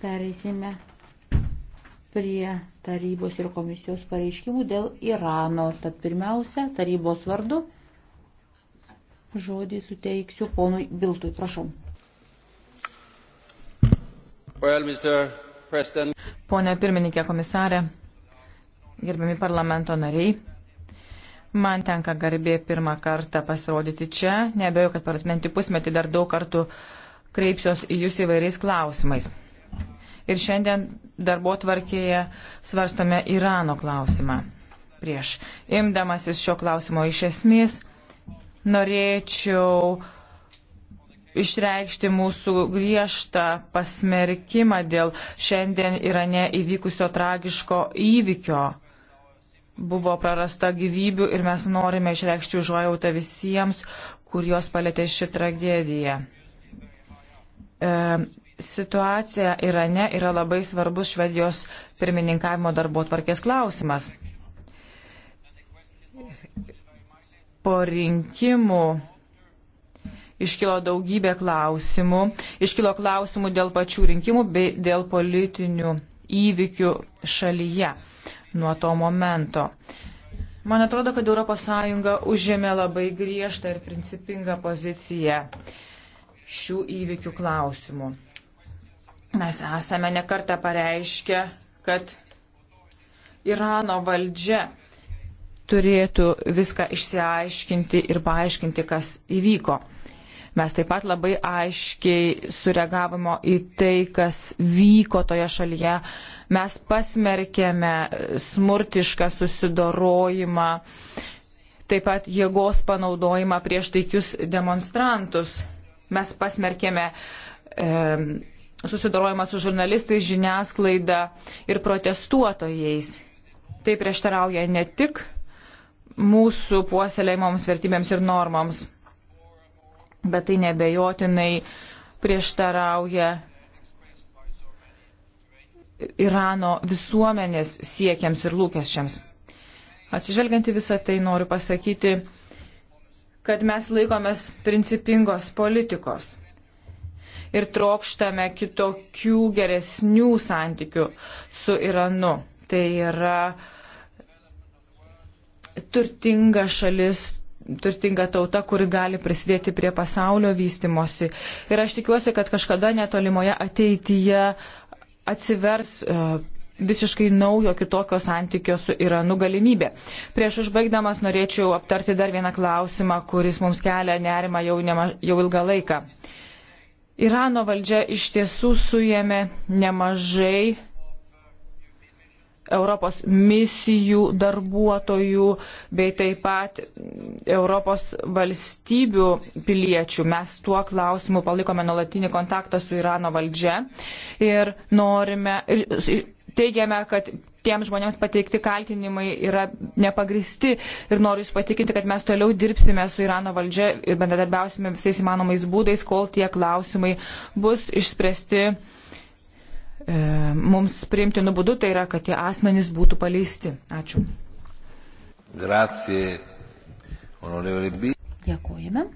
Pereisime prie tarybos ir komisijos pareiškimų dėl Irano. Tad pirmiausia, tarybos vardu žodį suteiksiu ponui Biltui. Prašau. Well, Pone pirmininkė komisarė, gerbiami parlamento nariai, man tenka garbė pirmą kartą pasirodyti čia. Nebejoju, kad per atmenti pusmetį dar daug kartų kreipsiuos į jūs įvairiais klausimais ir šiandien darbo tvarkėje svarstome Irano klausimą. Prieš imdamasis šio klausimo iš esmės, norėčiau išreikšti mūsų griežtą pasmerkimą dėl šiandien Irane įvykusio tragiško įvykio. Buvo prarasta gyvybių ir mes norime išreikšti užuojautą visiems, kuriuos palėtė ši tragedija. E, Situacija Irane yra labai svarbus Švedijos pirmininkavimo darbo tvarkės klausimas. Po rinkimų iškilo daugybė klausimų. Iškilo klausimų dėl pačių rinkimų bei dėl politinių įvykių šalyje nuo to momento. Man atrodo, kad ES užėmė labai griežtą ir principingą poziciją šių įvykių klausimų. Mes esame nekartą pareiškę, kad Irano valdžia turėtų viską išsiaiškinti ir paaiškinti, kas įvyko. Mes taip pat labai aiškiai sureagavimo į tai, kas vyko toje šalyje. Mes pasmerkėme smurtišką susidorojimą, taip pat jėgos panaudojimą prieš taikius demonstrantus. Mes pasmerkėme e, susidorojama su žurnalistais, žiniasklaida ir protestuotojais. Tai prieštarauja ne tik mūsų puoselėjimoms vertybėms ir normoms, bet tai nebejotinai prieštarauja Irano visuomenės siekiams ir lūkesčiams. Atsižvelgiant į visą tai noriu pasakyti, kad mes laikomės principingos politikos ir trokštame kitokių geresnių santykių su Iranu. Tai yra turtinga šalis, turtinga tauta, kuri gali prisidėti prie pasaulio vystimosi. Ir aš tikiuosi, kad kažkada netolimoje ateityje atsivers e, visiškai naujo kitokio santykio su Iranu galimybė. Prieš užbaigdamas norėčiau aptarti dar vieną klausimą, kuris mums kelia nerima jau, nema, jau ilgą laiką. Uh, Irano valdžia iš tiesų suėmė nemažai Europos misijų darbuotojų bei taip pat Europos valstybių piliečių. Mes tuo klausimu palikome nuolatinį kontaktą su Irano valdžia ir norime, ir teigiame, kad tiems žmonėms pateikti kaltinimai yra nepagristi ir noriu Jūs patikinti, kad mes toliau dirbsime su Irano valdžia ir bendradarbiausime visais įmanomais būdais, kol tie klausimai bus išspręsti e, mums priimtinu būdu, tai yra, kad tie asmenys būtų paleisti. Ačiū. Grazie, onorevole B. Dėkojame.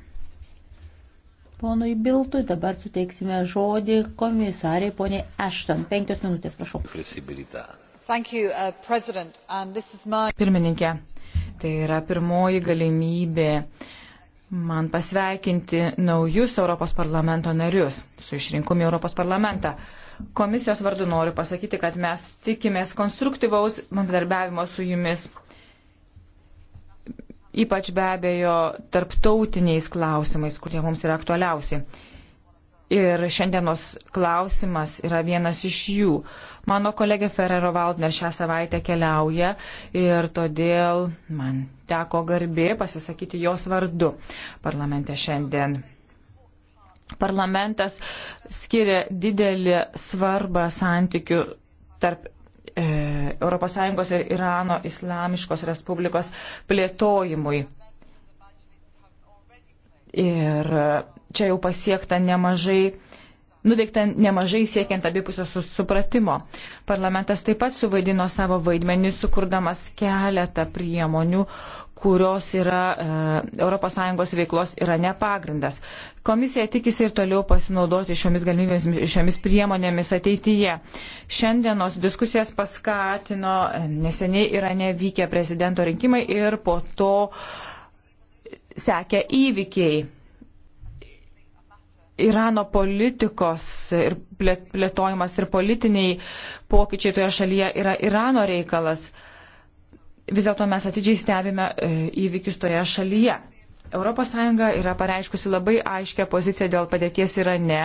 Ponui Biltui dabar suteiksime žodį komisariai poniai Ashton. Penkios minutės, prašau. Flexibilità Uh, Pirmininkė, tai yra pirmoji galimybė man pasveikinti naujus Europos parlamento narius su išrinkumi Europos parlamentą. Komisijos vardu noriu pasakyti, kad mes tikimės konstruktyvaus bendradarbiavimo su jumis, ypač be abejo tarptautiniais klausimais, kurie mums yra aktualiausi. Ir šiandienos klausimas yra vienas iš jų. Mano kolegė Ferrero Waldner šią savaitę keliauja ir todėl man teko garbė pasisakyti jos vardu parlamente šiandien. Parlamentas skiria didelį svarbą santykių tarp e, ES ir Irano Islamiškos Respublikos plėtojimui. Ir čia jau pasiekta nemažai nuveikta nemažai siekiant abipusio supratimo. Parlamentas taip pat suvaidino savo vaidmenį, sukurdamas keletą priemonių, kurios yra e, ES veiklos yra nepagrindas. Komisija tikisi ir toliau pasinaudoti šiomis galimybėmis, šiomis priemonėmis ateityje. Šiandienos diskusijas paskatino e, neseniai yra nevykę prezidento rinkimai ir po to e, sekia įvykiai. Irano politikos ir plėtojimas ir politiniai pokyčiai toje šalyje yra Irano reikalas. Vis dėlto mes atidžiai stebime e, įvykius toje šalyje. ES yra pareiškusi labai aiškę poziciją dėl padėties Irane,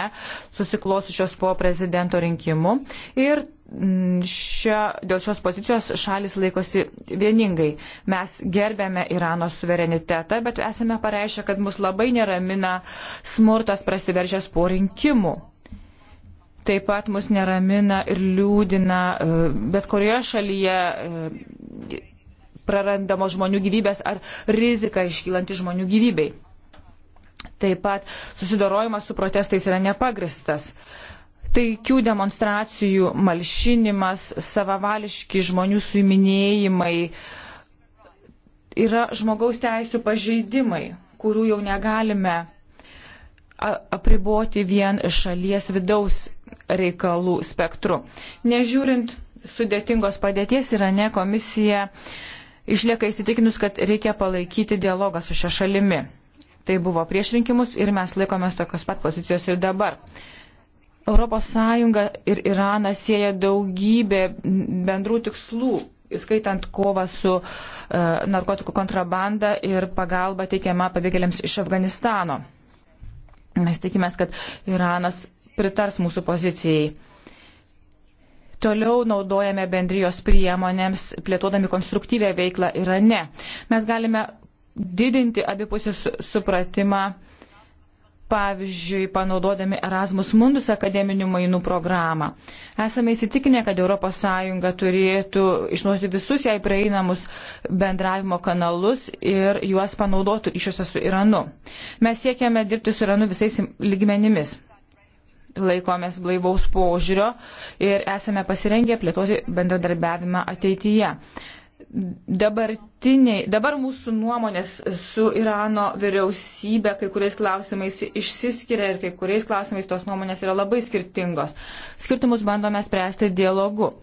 susiklosusios po prezidento rinkimų. Ir Mm, šia, dėl šios pozicijos šalis laikosi vieningai. Mes gerbėme Irano suverenitetą, bet esame pareiškę, kad mus labai neramina smurtas prasiveržęs po rinkimų. Taip pat mus neramina ir liūdina e, bet kurioje šalyje e, prarandamos žmonių gyvybės ar rizika iškylanti žmonių gyvybei. Taip pat susidorojimas su protestais yra nepagristas. Uh, taikių demonstracijų malšinimas, savavališki žmonių suiminėjimai yra žmogaus teisų pažeidimai, kurių jau negalime apriboti vien šalies vidaus reikalų spektru. Nežiūrint sudėtingos padėties, Irane komisija išlieka įsitikinus, kad reikia palaikyti dialogą su šia šalimi. Tai buvo prieš rinkimus ir mes laikomės tokios pat pozicijos ir dabar. Europos Sąjunga ir Iranas sieja daugybė bendrų tikslų, įskaitant kovą su uh, narkotikų kontrabanda ir pagalba teikiama pabėgėliams iš Afganistano. Mes tikimės, kad Iranas pritars mūsų pozicijai. Toliau naudojame bendrijos priemonėms, plėtodami konstruktyvę veiklą Irane. Mes galime didinti abipusis supratimą pavyzdžiui, panaudodami Erasmus Mundus akademinių mainų programą. Esame įsitikinę, kad ES turėtų išnaudoti visus jai prieinamus bendravimo kanalus ir juos panaudotų išiuose su Iranu. Mes siekiame dirbti su Iranu visais lygmenimis. Laikomės blaivaus požiūrio ir esame pasirengę plėtoti bendradarbiavimą ateityje dabartiniai, dabar mūsų nuomonės su Irano vyriausybė kai kuriais klausimais išsiskiria ir kai kuriais klausimais tos nuomonės yra labai skirtingos. Skirtumus bandome spręsti dialogu,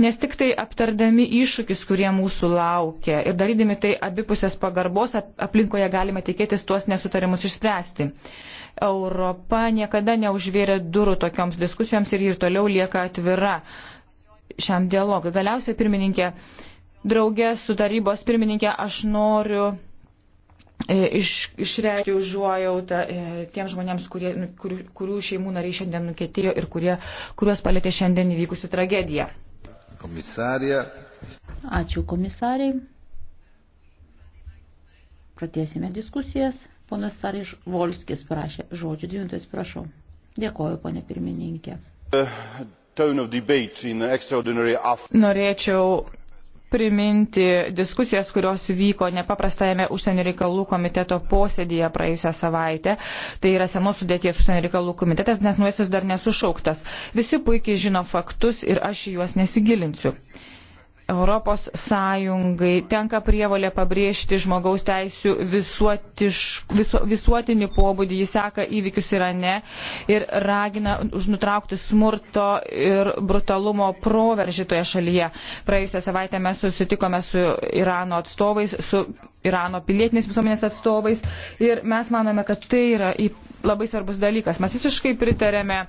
nes tik tai aptardami iššūkis, kurie mūsų laukia ir darydami tai abipusės pagarbos aplinkoje galime tikėtis tuos nesutarimus išspręsti. Europa niekada neužvėrė durų tokioms diskusijoms ir ir toliau lieka atvira šiam dialogui. Galiausiai, pirmininkė, Draugė su tarybos pirmininkė aš noriu e, iš, išreikšti užuojautą e, tiem žmonėms, kurie, nu, kur, kurių šeimų nariai šiandien nukėtėjo ir kurie, kuriuos palėtė šiandien įvykusi tragedija. Komisarija. Ačiū komisariai. Pratėsime diskusijas. Ponas Sariš Volskis prašė žodžių dvintais, prašau. Dėkoju, ponė pirmininkė. Norėčiau priminti diskusijas, kurios vyko nepaprastajame užsienio reikalų komiteto posėdėje praėjusią savaitę. Tai yra senos sudėties užsienio reikalų komitetas, nes nuosis dar nesušauktas. Visi puikiai žino faktus ir aš juos nesigilinsiu. Europos Sąjungai tenka prievalė pabrėžti žmogaus teisų visuotišk, visu, visuotinį pobūdį, jis seka įvykius Irane ir ragina nutraukti smurto ir brutalumo proveržį toje šalyje. Praėjusią savaitę mes susitikome su Irano atstovais, su Irano pilietinės visuomenės atstovais ir mes manome, kad tai yra labai svarbus dalykas. Mes visiškai pritarėme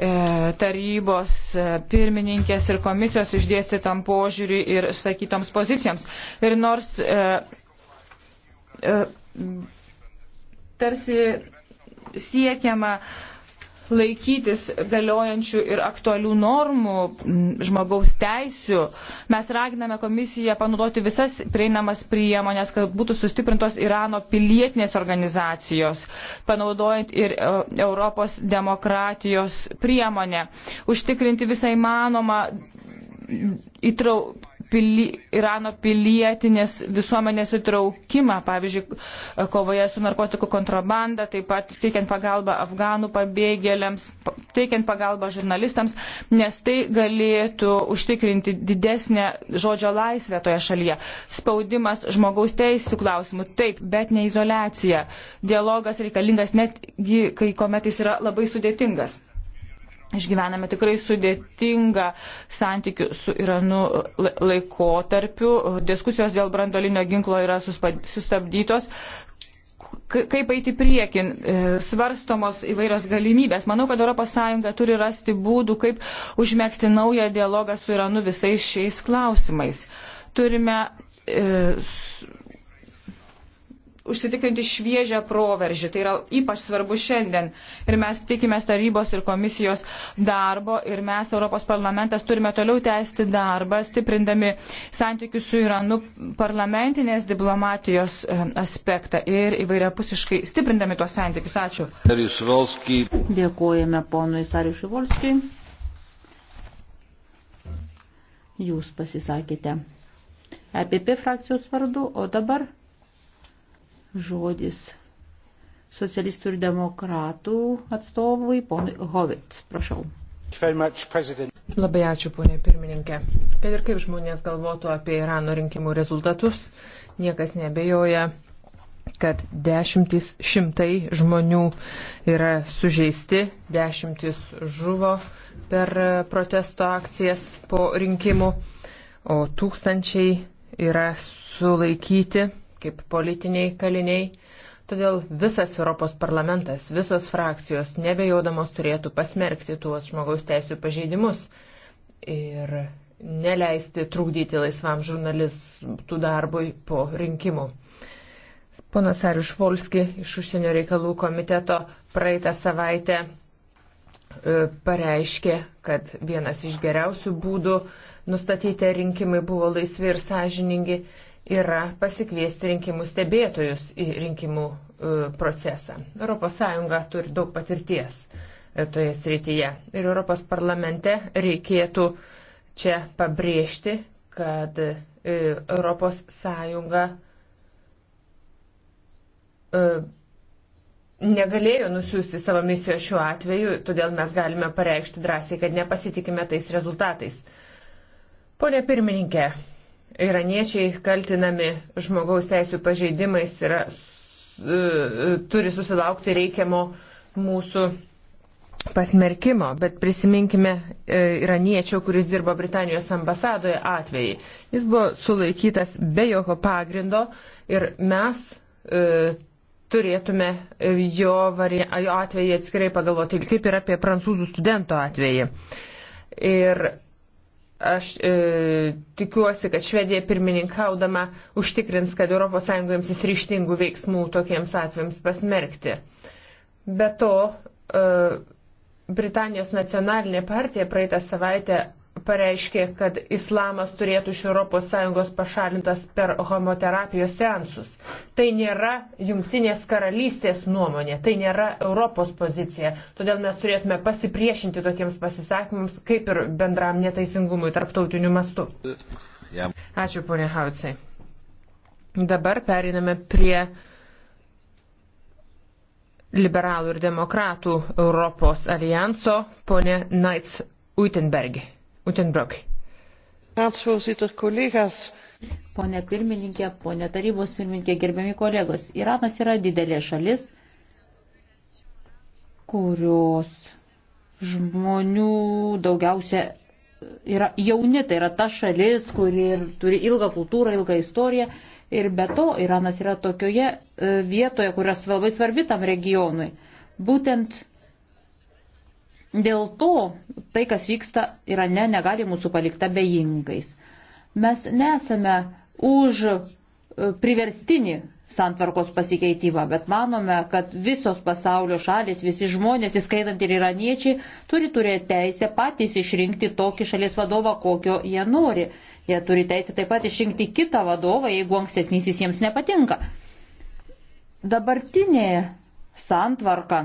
E, tarybos e, pirmininkės ir komisijos išdėstytam požiūriui ir sakytoms pozicijoms. Ir nors e, tarsi siekiama uh, laikytis galiojančių ir aktualių normų žmogaus teisių. Mes raginame komisiją panaudoti visas prieinamas priemonės, kad būtų sustiprintos Irano pilietinės organizacijos, panaudojant ir e, Europos demokratijos priemonę, užtikrinti visą įmanomą įtrau, pili, Irano pilietinės visuomenės įtraukimą, pavyzdžiui, kovoje su narkotikų kontrabanda, taip pat teikiant pagalbą afganų pabėgėliams, teikiant pagalbą žurnalistams, nes tai galėtų užtikrinti didesnę žodžio laisvę toje šalyje. Spaudimas žmogaus teisų klausimų, taip, bet ne izolacija. Dialogas reikalingas net, kai kuomet jis yra labai sudėtingas. Išgyvename tikrai sudėtingą santykių su Iranu laikotarpiu. Diskusijos dėl brandolinio ginklo yra sustabdytos. Kaip eiti priekin, e, svarstomos įvairios galimybės. Manau, kad ES turi rasti būdų, kaip užmėgti naują dialogą su Iranu visais šiais klausimais. Turime e, užsitikrinti šviežią proveržį. Tai yra ypač svarbu šiandien. Ir mes tikimės tarybos ir komisijos darbo ir mes, Europos parlamentas, turime toliau tęsti darbą, stiprindami santykius su Iranu parlamentinės diplomatijos e, aspektą ir įvairiapusiškai stiprindami tuos santykius. Ačiū. Dėkojame ponui Sariušui Volskijui. Jūs pasisakėte. EPP frakcijos vardu, o dabar žodis socialistų ir demokratų atstovui, ponui Hovit. Prašau. Labai ačiū, ponė pirmininkė. Kad ir kaip žmonės galvotų apie Irano rinkimų rezultatus, niekas nebejoja, kad dešimtis šimtai žmonių yra sužeisti, dešimtis žuvo per protesto akcijas po rinkimų, o tūkstančiai yra sulaikyti kaip politiniai kaliniai. Todėl visas Europos parlamentas, visos frakcijos nebejaudamos turėtų pasmerkti tuos žmogaus teisų pažeidimus ir neleisti trukdyti laisvam žurnalistų darbui po rinkimų. Ponas Arius Volski iš užsienio reikalų komiteto praeitą savaitę e, pareiškė, kad vienas iš geriausių būdų nustatyti rinkimai buvo laisvi ir sąžiningi yra pasikviesti rinkimų stebėtojus į rinkimų e, procesą. ES turi daug patirties e, toje srityje ir Europos parlamente reikėtų čia pabrėžti, kad ES e, negalėjo nusiųsti savo misijos šiuo atveju, todėl mes galime pareikšti drąsiai, kad nepasitikime tais rezultatais. Pone pirmininkė, iraniečiai kaltinami žmogaus teisų pažeidimais yra, e, turi susilaukti reikiamo mūsų pasmerkimo, bet prisiminkime e, iraniečio, kuris dirbo Britanijos ambasadoje atvejai. Jis buvo sulaikytas be jokio pagrindo ir mes e, turėtume jo, varie, jo atvejį atskirai pagalvoti, kaip ir apie prancūzų studento atvejį. Ir Aš e, tikiuosi, kad Švedija pirmininkaudama užtikrins, kad ES imsis ryštingų veiksmų tokiems atvejams pasmerkti. Be to, e, Britanijos nacionalinė partija praeitą savaitę pareiškė, kad islamas turėtų iš ES pašalintas per homoterapijos seansus. Tai nėra jungtinės karalystės nuomonė, tai nėra Europos pozicija. Todėl mes turėtume pasipriešinti tokiems pasisakymams, kaip ir bendram neteisingumui tarptautiniu mastu. Ačiū, ponė Hautsai. Dabar periname prie liberalų ir demokratų Europos alijanso, ponė Naits Uitenbergi. Utenbrok. Raadsvoorzitter, collega's. Pone pirmininkė, pone tarybos pirmininkė, gerbiami kolegos, Iranas yra didelė šalis, kurios žmonių daugiausia yra jauni, tai yra ta šalis, kuri turi ilgą kultūrą, ilgą istoriją ir be to Iranas yra tokioje e, vietoje, kurios labai svarbi tam regionui. Būtent Dėl to tai, kas vyksta Irane, negali mūsų palikta bejingais. Mes nesame už e, priverstinį santvarkos pasikeitimą, bet manome, kad visos pasaulio šalis, visi žmonės, įskaitant ir iraniečiai, turi turėti teisę patys išrinkti tokį šalies vadovą, kokio jie nori. Jie turi teisę taip pat išrinkti kitą vadovą, jeigu ankstesnysis jiems nepatinka. Dabartinė santvarka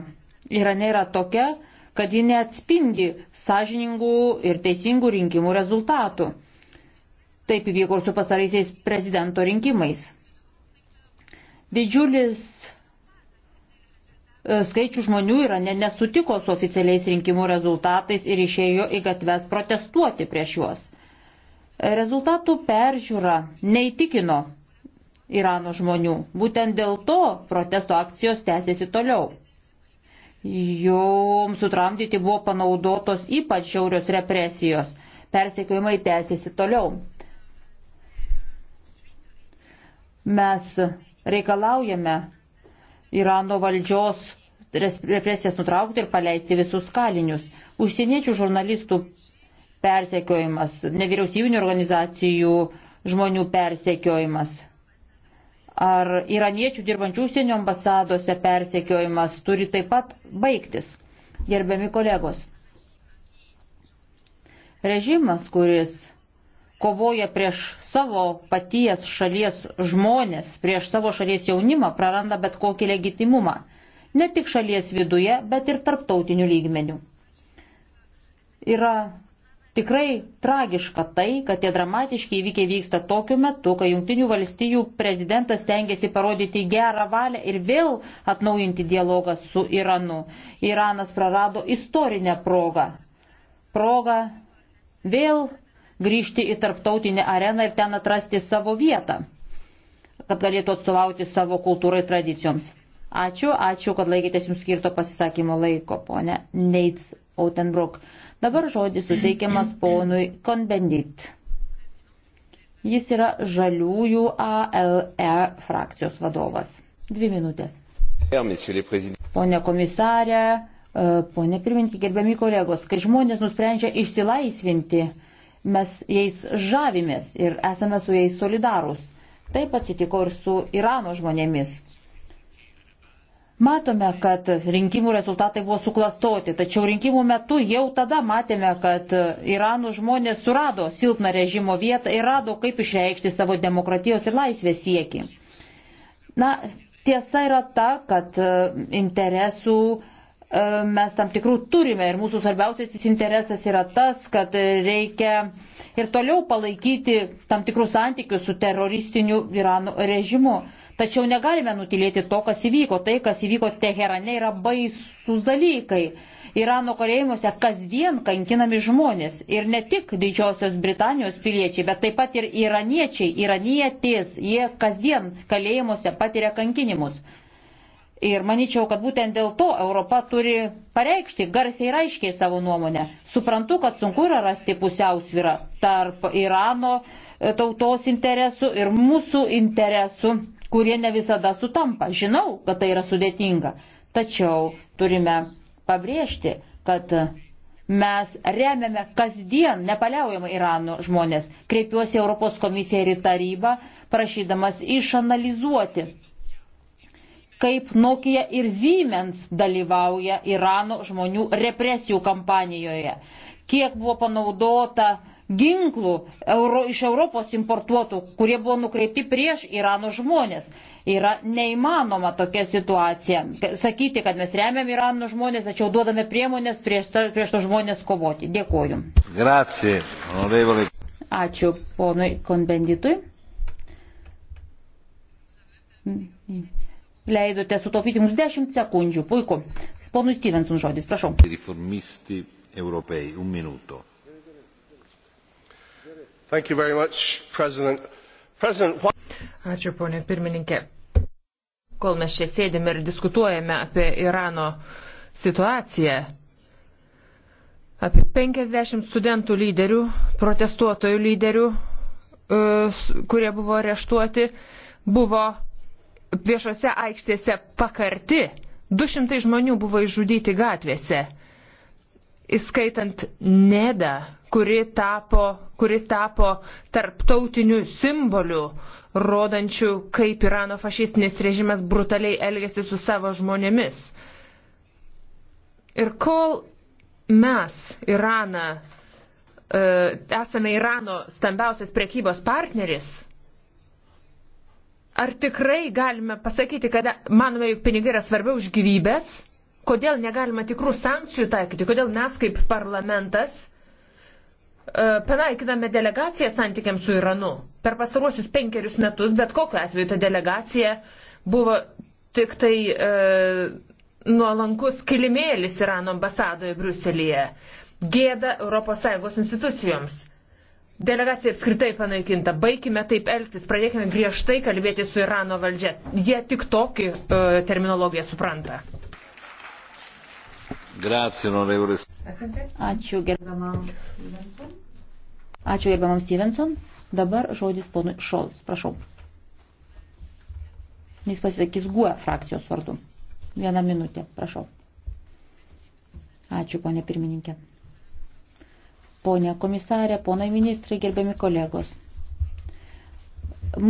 Irane yra tokia, kad ji neatspindi sąžiningų ir teisingų rinkimų rezultatų. Taip įvyko ir su pastaraisiais prezidento rinkimais. Didžiulis e, skaičių žmonių yra ne, nesutiko su oficialiais rinkimų rezultatais ir išėjo į gatves protestuoti prieš juos. E, rezultatų peržiūra neįtikino Irano žmonių. Būtent dėl to protesto akcijos tęsiasi toliau joms sutramdyti buvo panaudotos ypač šiaurios represijos. Persekiojimai tęsiasi toliau. Mes reikalaujame Irano valdžios represijas nutraukti ir paleisti visus kalinius. Užsieniečių žurnalistų persekiojimas, nevyriausybinių organizacijų žmonių persekiojimas ar iraniečių dirbančių užsienio ambasadose persekiojimas turi taip pat baigtis. Gerbiami kolegos, režimas, kuris kovoja prieš savo paties šalies žmonės, prieš savo šalies jaunimą, praranda bet kokį legitimumą. Ne tik šalies viduje, bet ir tarptautinių lygmenių. Yra Tikrai tragiška tai, kad tie dramatiški įvykiai vyksta tokiu metu, kai Junktinių valstijų prezidentas tengiasi parodyti gerą valią ir vėl atnaujinti dialogą su Iranu. Iranas prarado istorinę progą. Progą vėl grįžti į tarptautinę areną ir ten atrasti savo vietą, kad galėtų atstovauti savo kultūrai tradicijoms. Ačiū, ačiū, kad laikėtės jums skirto pasisakymo laiko, ponė Neits Otenbrook. Dabar žodis suteikiamas ponui Konbendit. Jis yra žaliųjų ALE frakcijos vadovas. Dvi minutės. Pone komisarė, e, pone pirmininkė, gerbiami kolegos, kai žmonės nusprendžia išsilaisvinti, mes jais žavimės ir esame su jais solidarūs. Taip atsitiko ir su Irano žmonėmis. Matome, kad rinkimų rezultatai buvo suklastoti, tačiau rinkimų metu jau tada matėme, kad Iranų žmonės surado silpną režimo vietą ir rado, kaip išreikšti savo demokratijos ir laisvės siekį. Na, tiesa yra ta, kad e, interesų E, mes tam tikrų turime ir mūsų svarbiausiasis interesas yra tas, kad reikia ir toliau palaikyti tam tikrus santykius su teroristiniu Irano režimu. Tačiau negalime nutilėti to, kas įvyko. Tai, kas įvyko Teherane, yra baisus dalykai. Irano kalėjimuose kasdien kankinami žmonės ir ne tik Didžiosios Britanijos piliečiai, bet taip pat ir iraniečiai, iranietės, jie kasdien kalėjimuose patiria kankinimus. Ir manyčiau, kad būtent dėl to Europa turi pareikšti garsiai ir aiškiai savo nuomonę. Suprantu, kad sunku yra rasti pusiausvyrą tarp Irano e, tautos interesų ir mūsų interesų, kurie ne visada sutampa. Žinau, kad tai yra sudėtinga. Tačiau turime pabrėžti, kad mes remiame kasdien nepaliaujamai Irano žmonės. Kreipiuosi Europos komisiją ir į tarybą, prašydamas išanalizuoti kaip Nokia ir Siemens dalyvauja Irano žmonių represijų kampanijoje, kiek buvo panaudota ginklų euro, iš Europos importuotų, kurie buvo nukreipti prieš Irano žmonės. Yra neįmanoma tokia situacija. Sakyti, kad mes remiam Irano žmonės, tačiau duodame priemonės prieš, prieš to žmonės kovoti. Dėkuoju. Grazie, onorevole. Ačiū ponui konbenditui leidote sutaupyti mums 10 sekundžių. Puiku. Ponui Stevenson žodis, prašau. Reformisti europei, un minuto. Thank you very much, President. President, what... Ačiū, ponė pirmininkė. Kol mes čia sėdėme ir diskutuojame apie Irano situaciją, apie 50 studentų lyderių, protestuotojų lyderių, e, kurie buvo areštuoti, buvo viešose aikštėse pakarti. 200 žmonių buvo išžudyti gatvėse, įskaitant Nedą, kuri tapo, kuris tapo tarptautiniu simboliu, rodančiu, kaip Irano fašistinis režimas brutaliai elgesi su savo žmonėmis. Ir kol mes Iraną, e, esame Irano stambiausias prekybos partneris, Ar tikrai galime pasakyti, kad manome, jog pinigai yra svarbiau už gyvybės? Kodėl negalima tikrų sankcijų taikyti? Kodėl mes kaip parlamentas e, panaikiname delegaciją santykiams su Iranu? Per pasaruosius penkerius metus, bet kokiu atveju ta delegacija buvo tik tai e, nuolankus kilimėlis Irano ambasadoje Bruselėje. Gėda ES institucijoms. Delegacija apskritai panaikinta. Baikime taip elgtis, pradėkime griežtai kalbėti su Irano valdžia. Jie tik tokį uh, terminologiją supranta. Grazie, onorevole. Ačiū gerbiamam Stevenson. Ačiū gerbiamam Stevenson. Dabar žodis ponui Šolts. Prašau. Jis pasisakys GUE frakcijos vardu. Vieną minutę, prašau. Ačiū, ponė pirmininkė ponė komisarė, ponai ministrai, gerbiami kolegos.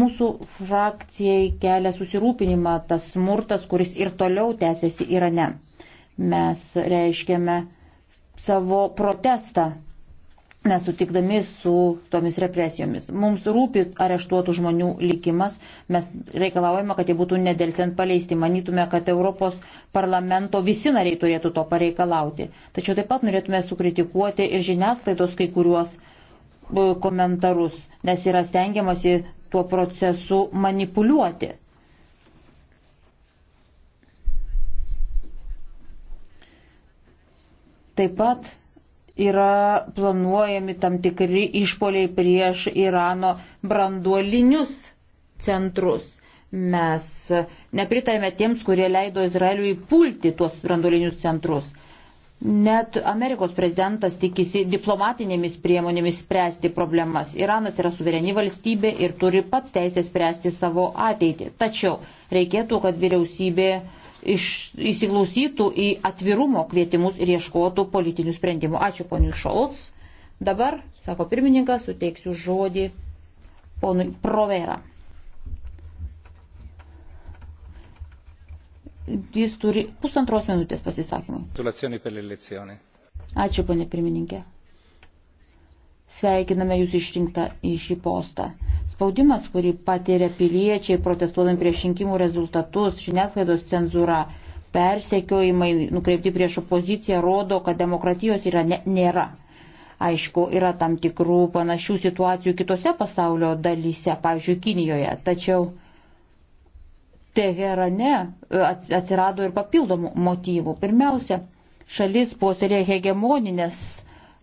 Mūsų frakcijai kelia susirūpinimą tas smurtas, kuris ir toliau tęsiasi Irane. Mes reiškiame savo protestą nesutikdami su tomis represijomis. Mums rūpi areštuotų žmonių likimas, mes reikalaujame, kad jie būtų nedelsiant paleisti. Manytume, kad Europos parlamento visi nariai turėtų to pareikalauti. Tačiau taip pat norėtume sukritikuoti ir žiniasklaidos kai kuriuos e, komentarus, nes yra stengiamasi tuo procesu manipuliuoti. Taip pat yra planuojami tam tikri išpoliai prieš Irano branduolinius centrus. Mes nepritarėme tiems, kurie leido Izraeliui pulti tuos branduolinius centrus. Net Amerikos prezidentas tikisi diplomatinėmis priemonėmis spręsti problemas. Iranas yra suvereni valstybė ir turi pats teisę spręsti savo ateitį. Tačiau reikėtų, kad vyriausybė uh, iš, įsiklausytų į atvirumo kvietimus ir ieškotų politinių sprendimų. Ačiū poniu Šolts. Dabar, sako pirmininkas, suteiksiu žodį ponui Provera. Jis turi pusantros minutės pasisakymui. Ačiū, ponė pirmininkė. Sveikiname Jūs išrinktą į šį postą. Spaudimas, kurį patiria piliečiai, protestuodami prieš rinkimų rezultatus, žiniasklaidos cenzūra, persekiojimai nukreipti prieš opoziciją, rodo, kad demokratijos yra, ne, nėra. Aišku, yra tam tikrų panašių situacijų kitose pasaulio dalyse, pavyzdžiui, Kinijoje. Tačiau Teherane e, atsirado ir papildomų motyvų. Pirmiausia, šalis puoselėja hegemoninės e,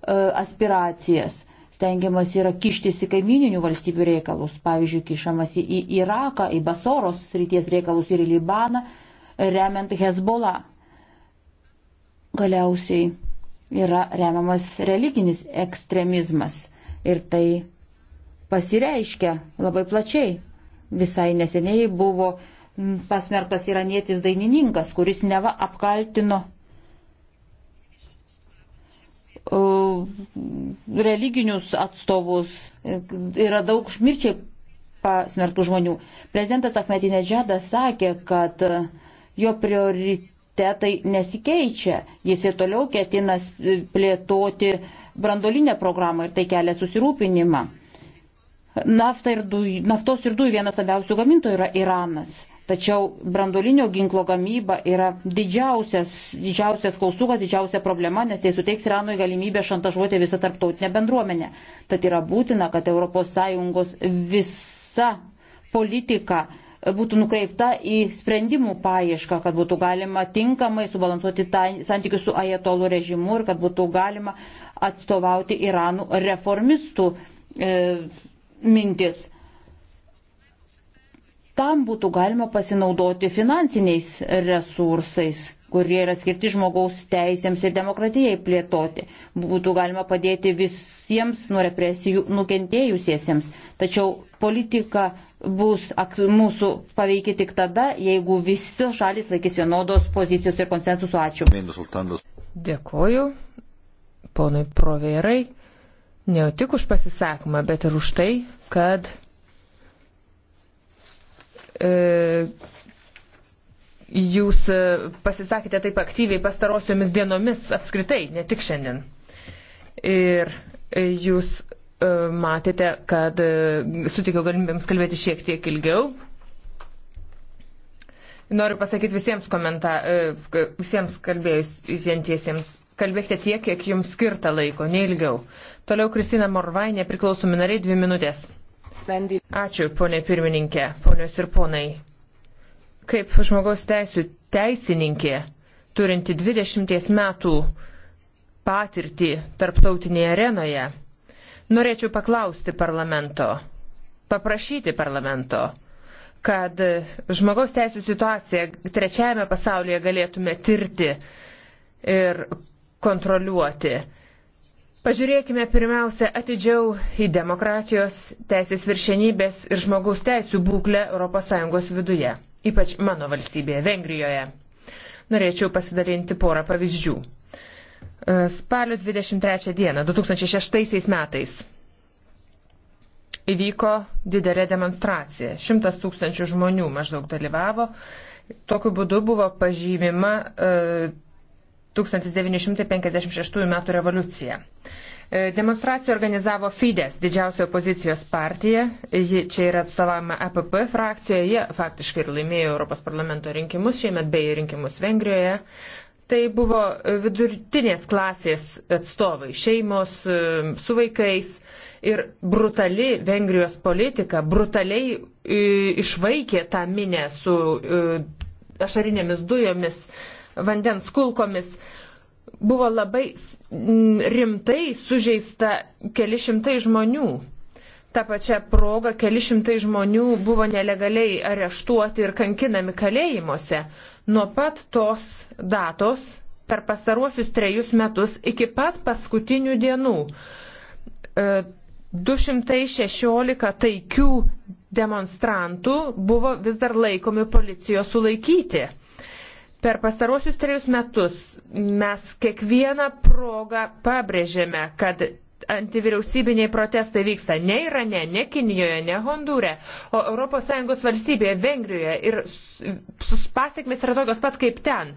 aspiracijas stengiamas yra kištis į kaimininių valstybių reikalus, pavyzdžiui, kišamasi į Iraką, į Basoros ryties reikalus ir į Libaną, remiant Hezbollah. Galiausiai yra remiamas religinis ekstremizmas ir tai pasireiškia labai plačiai. Visai neseniai buvo pasmerktas iranietis dainininkas, kuris neva apkaltino E, religinius atstovus, e, yra daug mirčiai pasmerktų žmonių. Prezidentas Ahmedinejadas sakė, kad jo prioritetai nesikeičia, jis ir toliau ketina plėtoti brandolinę programą ir tai kelia susirūpinimą. Nafta ir dujų, naftos ir dujų vienas labiausių gamintojų yra Iranas. Tačiau brandolinio ginklo gamyba yra didžiausias, didžiausias klaustukas, didžiausia problema, nes tai suteiks Iranui galimybę šantažuoti visą tarptautinę bendruomenę. Tad yra būtina, kad ES visa politika būtų nukreipta į sprendimų paiešką, kad būtų galima tinkamai subalansuoti santykius su ajetolų režimu ir kad būtų galima atstovauti Iranų reformistų e, mintis tam būtų galima pasinaudoti finansiniais resursais kurie yra skirti žmogaus teisėms ir demokratijai plėtoti. Būtų galima padėti visiems nuo represijų nukentėjusiesiems. Tačiau politika bus mūsų paveikia tik tada, jeigu visi šalis laikys vienodos pozicijos ir konsensusų. Ačiū. Dėkoju ponui Proverai ne tik už pasisakymą, bet ir už tai, kad E, jūs pasisakėte taip aktyviai pastarosiomis dienomis apskritai, ne tik šiandien. Ir jūs e, matėte, kad e, sutikiau galimybėms kalbėti šiek tiek ilgiau. Noriu pasakyti visiems, komenta, visiems kalbėjusiesiems, kalbėkite tiek, kiek jums skirta laiko, neilgiau. Toliau Kristina Morvai, nepriklausomi nariai, dvi minutės. Ačiū, ponė pirmininkė, ponios ir ponai. Kaip žmogaus teisų teisininkė, turinti 20 metų patirtį tarptautinėje arenoje, norėčiau paklausti parlamento, paprašyti parlamento, kad žmogaus teisų situaciją trečiajame pasaulyje galėtume tirti ir kontroliuoti. Pažiūrėkime pirmiausia atidžiau į demokratijos, teisės viršenybės ir žmogaus teisų būklę ES viduje, ypač mano valstybėje, Vengrijoje. Norėčiau pasidalinti porą pavyzdžių. E, spalio 23 dieną 2006 metais įvyko didelė demonstracija. Šimtas tūkstančių žmonių maždaug dalyvavo. Tokiu būdu buvo pažymima e, 1956 m. revoliucija. Demonstraciją organizavo Fides, didžiausia opozicijos partija. Ji čia yra atstovama APP frakcijoje. Jie faktiškai ir laimėjo Europos parlamento rinkimus, šiemet bei rinkimus Vengrijoje. Tai buvo vidurtinės klasės atstovai, šeimos su vaikais. Ir brutali Vengrijos politika brutaliai e, išvaikė tą minę su e, ašarinėmis dujomis, vandens kulkomis. Buvo labai Mm, rimtai sužeista keli šimtai žmonių. Ta pačia proga keli šimtai žmonių buvo nelegaliai areštuoti ir kankinami kalėjimuose. Nuo pat tos datos per pastaruosius trejus metus iki pat paskutinių dienų 216 e, taikių demonstrantų buvo vis dar laikomi policijos sulaikyti. Per pastarosius trejus metus mes kiekvieną progą pabrėžėme, kad antivyriausybiniai protestai vyksta ne Irane, ne Kinijoje, ne Hondūre, o ES valstybėje, Vengrijoje ir pasiekmes yra tokios pat kaip ten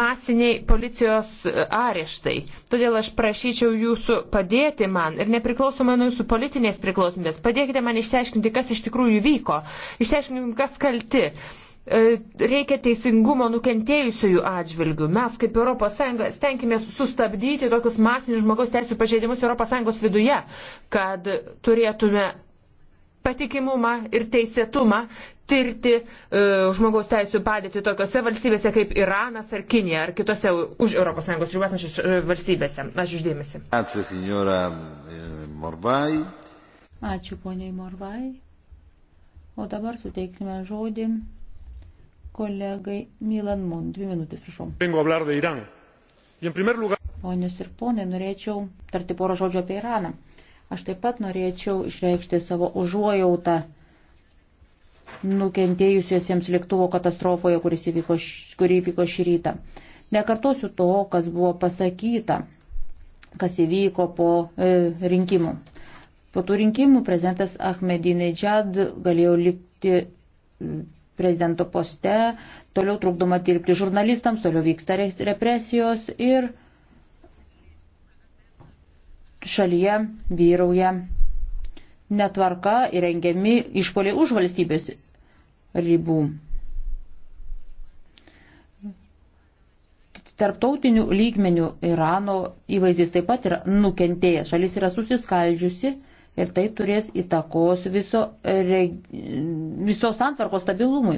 masiniai policijos e, areštai. Todėl aš prašyčiau jūsų padėti man ir nepriklausomai nuo jūsų politinės priklausomybės, padėkite man išsiaiškinti, kas iš tikrųjų vyko, išsiaiškinti, kas kalti. E, reikia teisingumo nukentėjusiųjų atžvilgių. Mes kaip ES stenkimės sustabdyti tokius masinius žmogaus teisų pažeidimus ES viduje, kad turėtume patikimumą ir teisėtumą tirti uh, žmogaus teisų padėti tokiose valstybėse kaip Iranas ar Kinija ar kitose už ES ribas e, valstybėse. Ačiū uždėmesi. Ačiū, signora Morvai. Ačiū, poniai Morvai. O dabar suteiksime žodį kolegai Milan Mun. Dvi minutės, prašau. Ponius ir ponai, norėčiau tarti porą žodžių apie Iraną. Aš taip pat norėčiau išreikšti savo užuojautą nukentėjusiesiems lėktuvo katastrofoje, įvyko, kuri įvyko šį rytą. Nekartosiu to, kas buvo pasakyta, kas įvyko po e, rinkimų. Po tų rinkimų prezidentas Ahmedinejad galėjo likti prezidento poste, toliau trukdoma dirbti žurnalistams, toliau vyksta represijos ir šalyje vyrauja netvarka ir rengiami išpoliai už valstybės ribų. Tarptautinių lygmenių Irano įvaizdis taip pat yra nukentėjęs, šalis yra susiskaldžiusi ir tai turės įtakos viso, visos santvarkos stabilumui.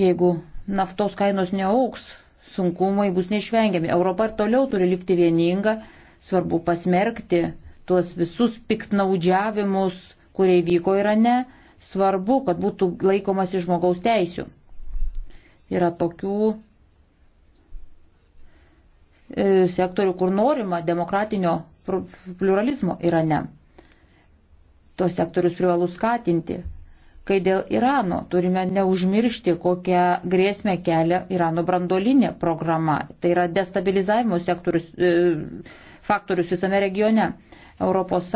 Jeigu naftos kainos neauks, sunkumai bus neišvengiami. Europa ir toliau turi likti vieninga, svarbu pasmerkti tuos visus piktnaudžiavimus, kurie vyko Irane, svarbu, kad būtų laikomasi žmogaus teisių. Yra tokių e, sektorių, kur norima demokratinio pluralizmo Irane. Tuos sektorius privalu skatinti. Kai dėl Irano turime neužmiršti, kokią grėsmę kelia Irano brandolinė programa. Tai yra destabilizavimo sektorius, e, faktorius visame regione. ES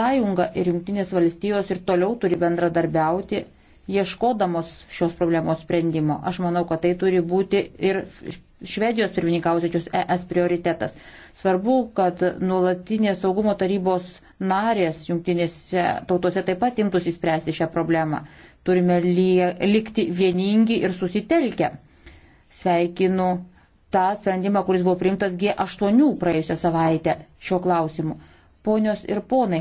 ir Junktinės valstijos ir toliau turi bendradarbiauti ieškodamos šios problemos sprendimo. Aš manau, kad tai turi būti ir Švedijos pirmininkausiančios ES prioritetas. Svarbu, kad nuolatinės saugumo tarybos narės jungtinėse tautose taip pat imtųsi spręsti šią problemą. Turime likti vieningi ir susitelkę. Sveikinu tą sprendimą, kuris buvo priimtas G8 praėjusią savaitę šiuo klausimu. Ponios ir ponai,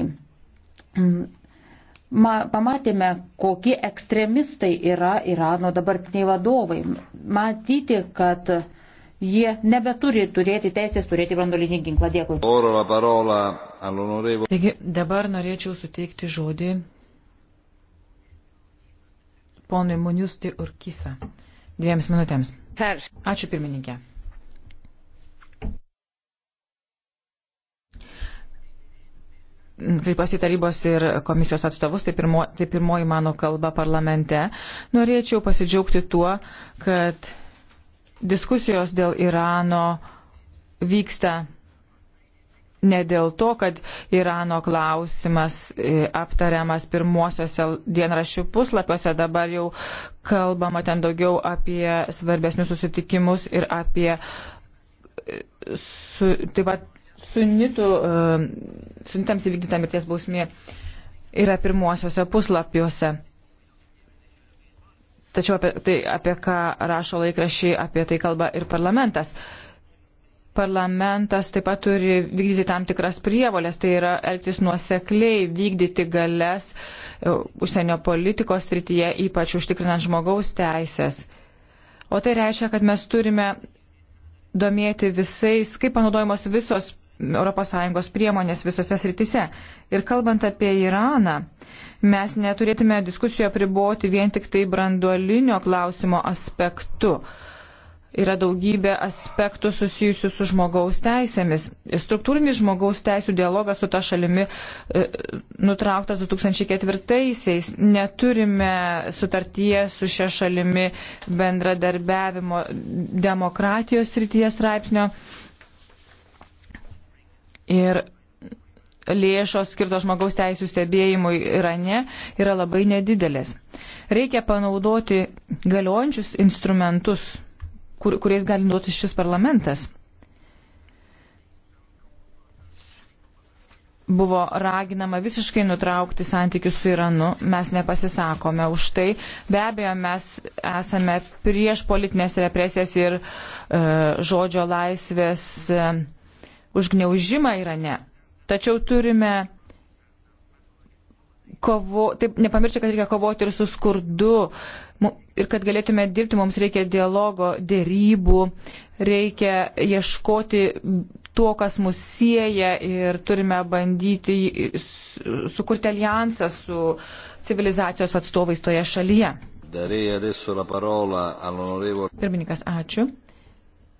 ma, pamatėme, kokie ekstremistai yra Irano dabartiniai vadovai. Matyti, kad jie nebeturi turėti teisės turėti brandolinį ginklą. Dėkui. Taigi dabar norėčiau suteikti žodį ponui Muniustui Urkisa. Dviems minutėms. Ačiū pirmininkė. kreipiuosi tarybos ir komisijos atstovus, tai, pirmo, tai pirmoji mano kalba parlamente. Norėčiau pasidžiaugti tuo, kad diskusijos dėl Irano vyksta ne dėl to, kad Irano klausimas e, aptariamas pirmuosiuose dienraščių puslapiuose, dabar jau kalbama ten daugiau apie svarbesnius susitikimus ir apie e, su, taip pat sunitų, e, sunitams įvykdyta mirties bausmė yra pirmuosiuose puslapiuose. Tačiau apie tai, apie ką rašo laikrašiai, apie tai kalba ir parlamentas. Parlamentas taip pat turi vykdyti tam tikras prievolės, tai yra elgtis nuosekliai, vykdyti galės e, užsienio politikos srityje, ypač užtikrinant žmogaus teisės. O tai reiškia, kad mes turime domėti visais, kaip panaudojamos visos ES priemonės visose srityse. Ir kalbant apie Iraną, mes neturėtume diskusijų apriboti vien tik tai branduolinio klausimo aspektu. Yra daugybė aspektų susijusių su žmogaus teisėmis. Struktūrinis žmogaus teisų dialogas su ta šalimi e, nutrauktas 2004-aisiais. Neturime sutartyje su šia šalimi bendradarbiavimo demokratijos rytyje straipsnio Ir lėšos skirtos žmogaus teisų stebėjimui Irane yra labai nedidelės. Reikia panaudoti galiojančius instrumentus, kur, kuriais gali duotis šis parlamentas. Buvo raginama visiškai nutraukti santykius su Iranu, mes nepasisakome už tai. Be abejo, mes esame prieš politinės represijas ir e, žodžio laisvės. E, užgneužimą Irane. Tačiau turime kovo, taip nepamiršti, kad reikia kovoti ir su skurdu. Ir kad galėtume dirbti, mums reikia dialogo, dėrybų, reikia ieškoti to, kas mus sieja ir turime bandyti sukurti alijansą su civilizacijos atstovais toje šalyje. Pirmininkas, ačiū.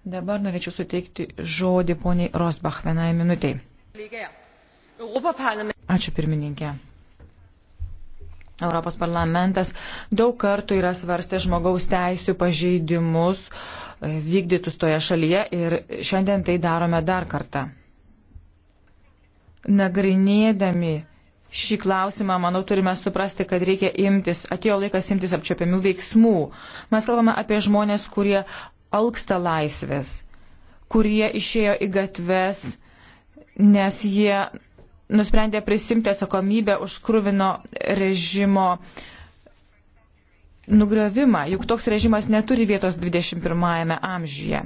Dabar norėčiau suteikti žodį poniai Rosbach vienai minutiai. Ačiū pirmininkė. Europos parlamentas daug kartų yra svarstęs žmogaus teisų pažeidimus e, vykdytus toje šalyje ir šiandien tai darome dar kartą. Nagrinėdami šį klausimą, manau, turime suprasti, kad reikia imtis, atėjo laikas imtis apčiopiamių veiksmų. Mes kalbame apie žmonės, kurie alksta laisvės, kurie išėjo į gatves, nes jie nusprendė prisimti atsakomybę už krūvino režimo nugravimą, juk toks režimas neturi vietos 21-ame amžiuje.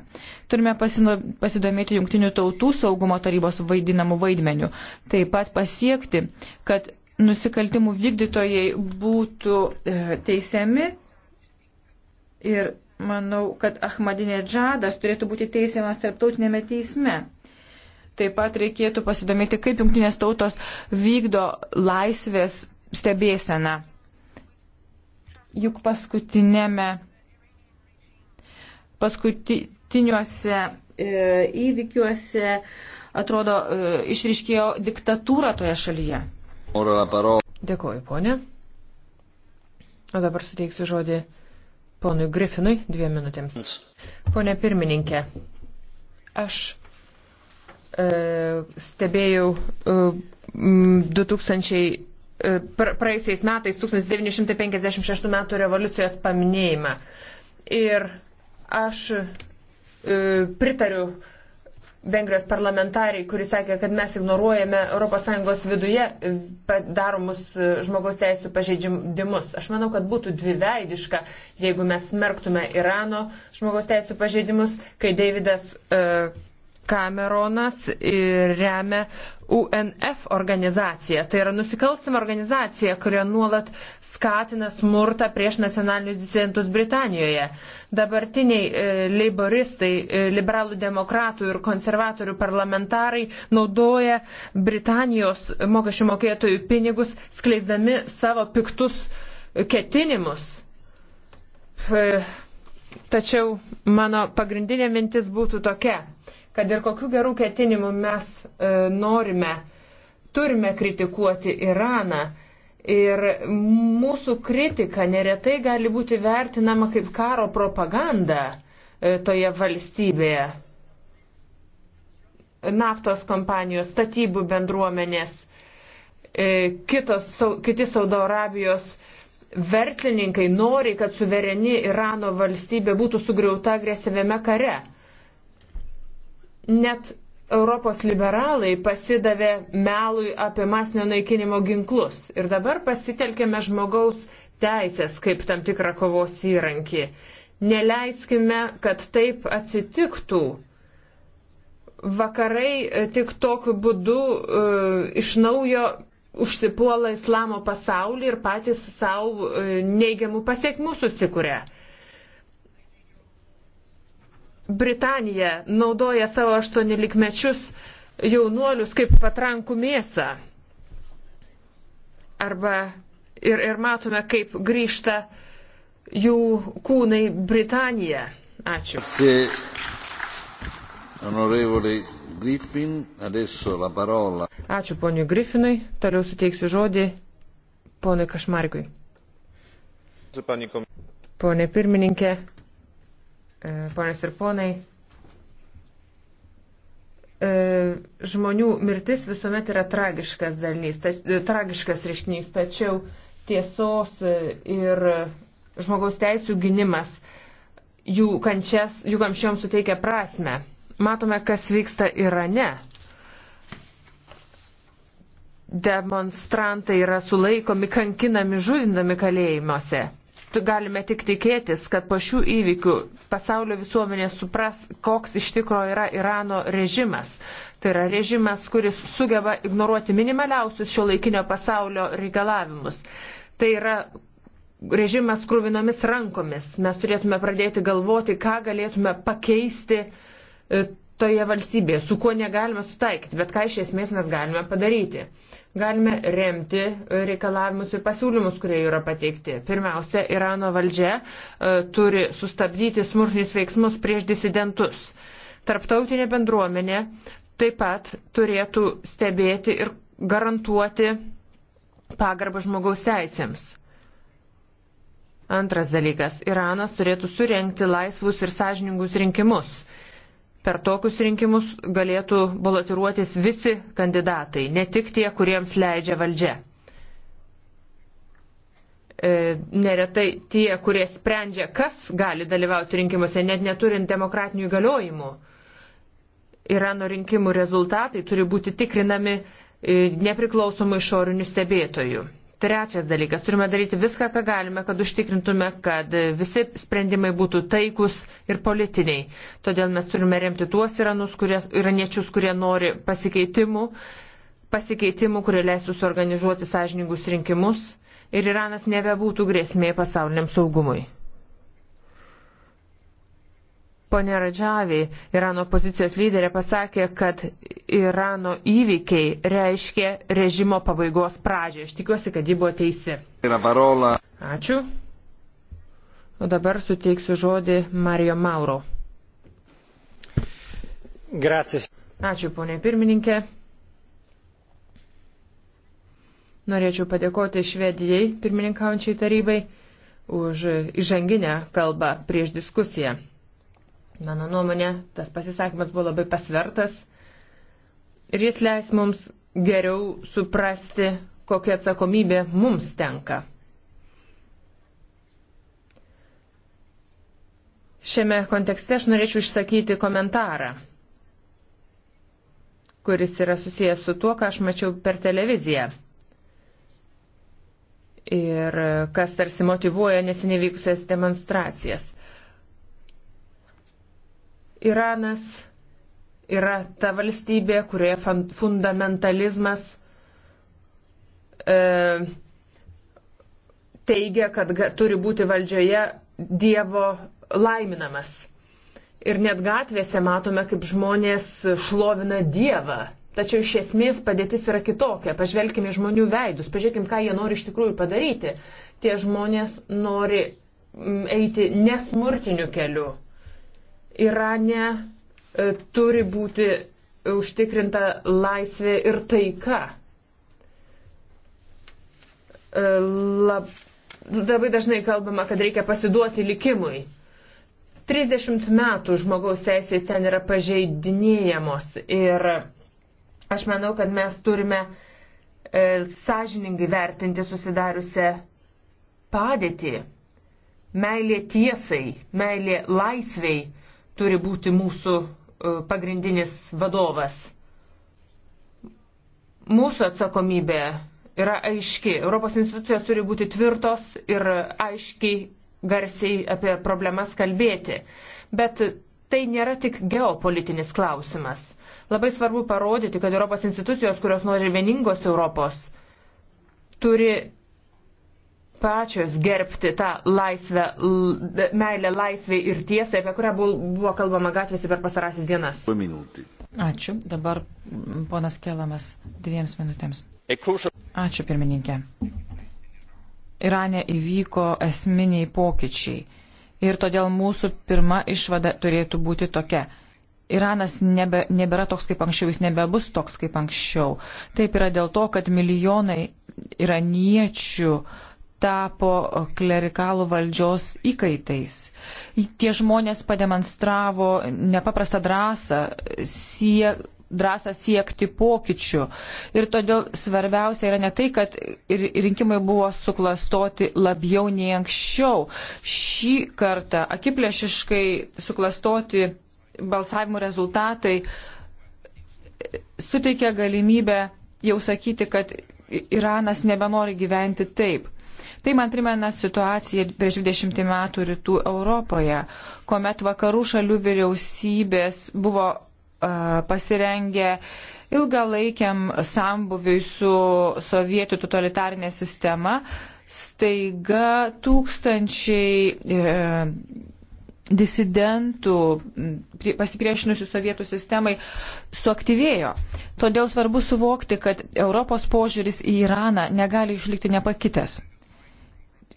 Turime pasidomėti Junktinių tautų saugumo tarybos vaidinamų vaidmenių, taip pat pasiekti, kad nusikaltimų vykdytojai būtų e, teisiami ir Manau, kad Ahmadinė Džadas turėtų būti teisiamas tarptautinėme teisme. Taip pat reikėtų pasidomėti, kaip jungtinės tautos vykdo laisvės stebėseną. Juk paskutinėme, paskutiniuose e, įvykiuose, atrodo, e, išriškėjo diktatūra toje šalyje. Dėkuoju, ponė. O dabar suteiksiu žodį Ponui Grifinui dviem minutėms. Pone pirmininkė, aš e, stebėjau e, 2000 e, praėjusiais metais 1956 metų revoliucijos paminėjimą. Ir aš e, pritariu Vengrijos parlamentarai, kuris sakė, kad mes ignoruojame ES viduje e, daromus e, žmogaus teisų pažeidimus. Aš manau, kad būtų dviveidiška, jeigu mes smerktume Irano žmogaus teisų pažeidimus, kai Davidas uh, Kameronas remia UNF organizaciją. Tai yra nusikalstama organizacija, kurie nuolat skatina smurtą prieš nacionalinius disidentus Britanijoje. Dabartiniai e, leiboristai, e, liberalų demokratų ir konservatorių parlamentarai naudoja Britanijos mokesčių mokėtojų pinigus, skleisdami savo piktus ketinimus. E, tačiau mano pagrindinė mintis būtų tokia kad ir kokiu gerų ketinimų mes e, norime, turime kritikuoti Iraną. Ir mūsų kritika neretai gali būti vertinama kaip karo propaganda e, toje valstybėje. Naftos kompanijos, statybų bendruomenės, e, kitos, kiti Saudo Arabijos verslininkai nori, kad suvereni Irano valstybė būtų sugriauta agresyviame kare. Net Europos liberalai pasidavė melui apie masinio naikinimo ginklus ir dabar pasitelkėme žmogaus teisės kaip tam tikrą kovos įrankį. Neleiskime, kad taip atsitiktų. Vakarai e, tik tokiu būdu uh, iš naujo užsipuola islamo pasaulį ir patys savo uh, e, neigiamų pasiekmių susikuria. Uh, Britanija naudoja savo aštuonilikmečius jaunuolius kaip patrankų mėsą. Arba ir, ir matome, kaip grįžta jų kūnai Britanija. Ačiū. Ačiū poniu Griffinui. Toliau suteiksiu žodį ponui Kašmarikui. Pone pirmininkė, E, ponios ir ponai, e, žmonių mirtis visuomet yra tragiškas dalinys, ta, e, tragiškas reiškinys, tačiau tiesos ir žmogaus teisų gynimas jų kančias, jų kamščioms suteikia prasme. Matome, kas vyksta Irane. Demonstrantai yra sulaikomi, kankinami, žudindami kalėjimuose galime tik tikėtis, kad po šių įvykių pasaulio visuomenė supras, koks iš tikro yra Irano režimas. Tai yra režimas, kuris sugeba ignoruoti minimaliausius šio laikinio pasaulio reikalavimus. Tai yra režimas krūvinomis rankomis. Mes turėtume pradėti galvoti, ką galėtume pakeisti e, toje valstybėje, su kuo negalime sutaikyti, bet ką iš esmės mes galime padaryti galime remti reikalavimus ir pasiūlymus, kurie yra pateikti. Pirmiausia, Irano valdžia e, turi sustabdyti smurtinius veiksmus prieš disidentus. Tarptautinė bendruomenė taip pat turėtų stebėti ir garantuoti pagarbą žmogaus teisėms. Antras dalykas - Iranas turėtų surenkti laisvus ir sąžiningus rinkimus per tokius rinkimus galėtų balotiruotis visi kandidatai, ne tik tie, kuriems leidžia valdžia. E, neretai tie, kurie sprendžia, kas gali dalyvauti rinkimuose, net neturint demokratinių įgaliojimų. Irano rinkimų rezultatai turi būti tikrinami e, nepriklausomų išorinių stebėtojų. Trečias dalykas, turime daryti viską, ką galime, kad užtikrintume, kad visi sprendimai būtų taikus ir politiniai. Todėl mes turime remti tuos iranus, kurie, iraniečius, kurie nori pasikeitimų, pasikeitimų, kurie leistų suorganizuoti sąžiningus rinkimus ir Iranas nebebūtų grėsmė pasauliniam saugumui. Pone Radžaviai, Irano pozicijos lyderė pasakė, kad Irano įvykiai reiškia režimo pabaigos pradžią. Aš tikiuosi, kad ji buvo teisi. Ačiū. O dabar suteiksiu žodį Mario Mauro. Gracias. Ačiū, ponė pirmininkė. Norėčiau padėkoti Švedijai, pirmininkaujančiai tarybai, už įžanginę kalbą prieš diskusiją. Mano nuomonė, tas pasisakymas buvo labai pasvertas ir jis leis mums geriau suprasti, kokia atsakomybė mums tenka. Šiame kontekste aš norėčiau išsakyti komentarą, kuris yra susijęs su tuo, ką aš mačiau per televiziją. Ir kas tarsi motivuoja nesiniai vykusias demonstracijas. Iranas yra ta valstybė, kurioje fundamentalizmas e, teigia, kad turi būti valdžioje Dievo laiminamas. Ir net gatvėse matome, kaip žmonės šlovina Dievą. Tačiau iš esmės padėtis yra kitokia. Pažvelkime į žmonių veidus, pažiūrėkime, ką jie nori iš tikrųjų padaryti. Tie žmonės nori eiti nesmurtiniu keliu. Irane e, turi būti e, užtikrinta laisvė ir taika. E, lab, labai dažnai kalbama, kad reikia pasiduoti likimui. 30 metų žmogaus teisės ten yra pažeidinėjamos ir aš manau, kad mes turime e, sąžiningai vertinti susidariusią padėtį. Meilė tiesai, meilė laisvei turi būti mūsų e, pagrindinis vadovas. Mūsų atsakomybė yra aiški. Europos institucijos turi būti tvirtos ir aiškiai, garsiai apie problemas kalbėti. Bet tai nėra tik geopolitinis klausimas. Labai svarbu parodyti, kad Europos institucijos, kurios nori vieningos Europos, turi pačios gerbti tą laisvę, meilę laisvę ir tiesą, apie kurią buvo kalbama gatvėse per pasarasis dienas. Ačiū. Dabar ponas Kelamas dviems minutėms. E Ačiū pirmininkė. Irane įvyko esminiai pokyčiai. Ir todėl mūsų pirma išvada turėtų būti tokia. Iranas nebe, nebėra toks kaip anksčiau, jis nebebus toks kaip anksčiau. Taip yra dėl to, kad milijonai iraniečių uh, tapo klerikalų valdžios įkaitais. Tie žmonės pademonstravo nepaprastą drąsą, sie, drąsą siekti pokyčių. Ir todėl svarbiausia yra ne tai, kad rinkimai buvo suklastoti labiau nei anksčiau. Šį kartą akiplėšiškai suklastoti balsavimų rezultatai e, suteikia galimybę jau sakyti, kad Iranas nebenori gyventi taip. Tai man primena situaciją prieš 20 metų rytų Europoje, kuomet vakarų šalių vyriausybės buvo uh, pasirengę ilgalaikiam sambuviui su sovietų totalitarinė sistema, staiga tūkstančiai e, disidentų pasipriešinusių sovietų sistemai suaktyvėjo. Todėl svarbu suvokti, kad Europos požiūris į Iraną negali išlikti nepakitęs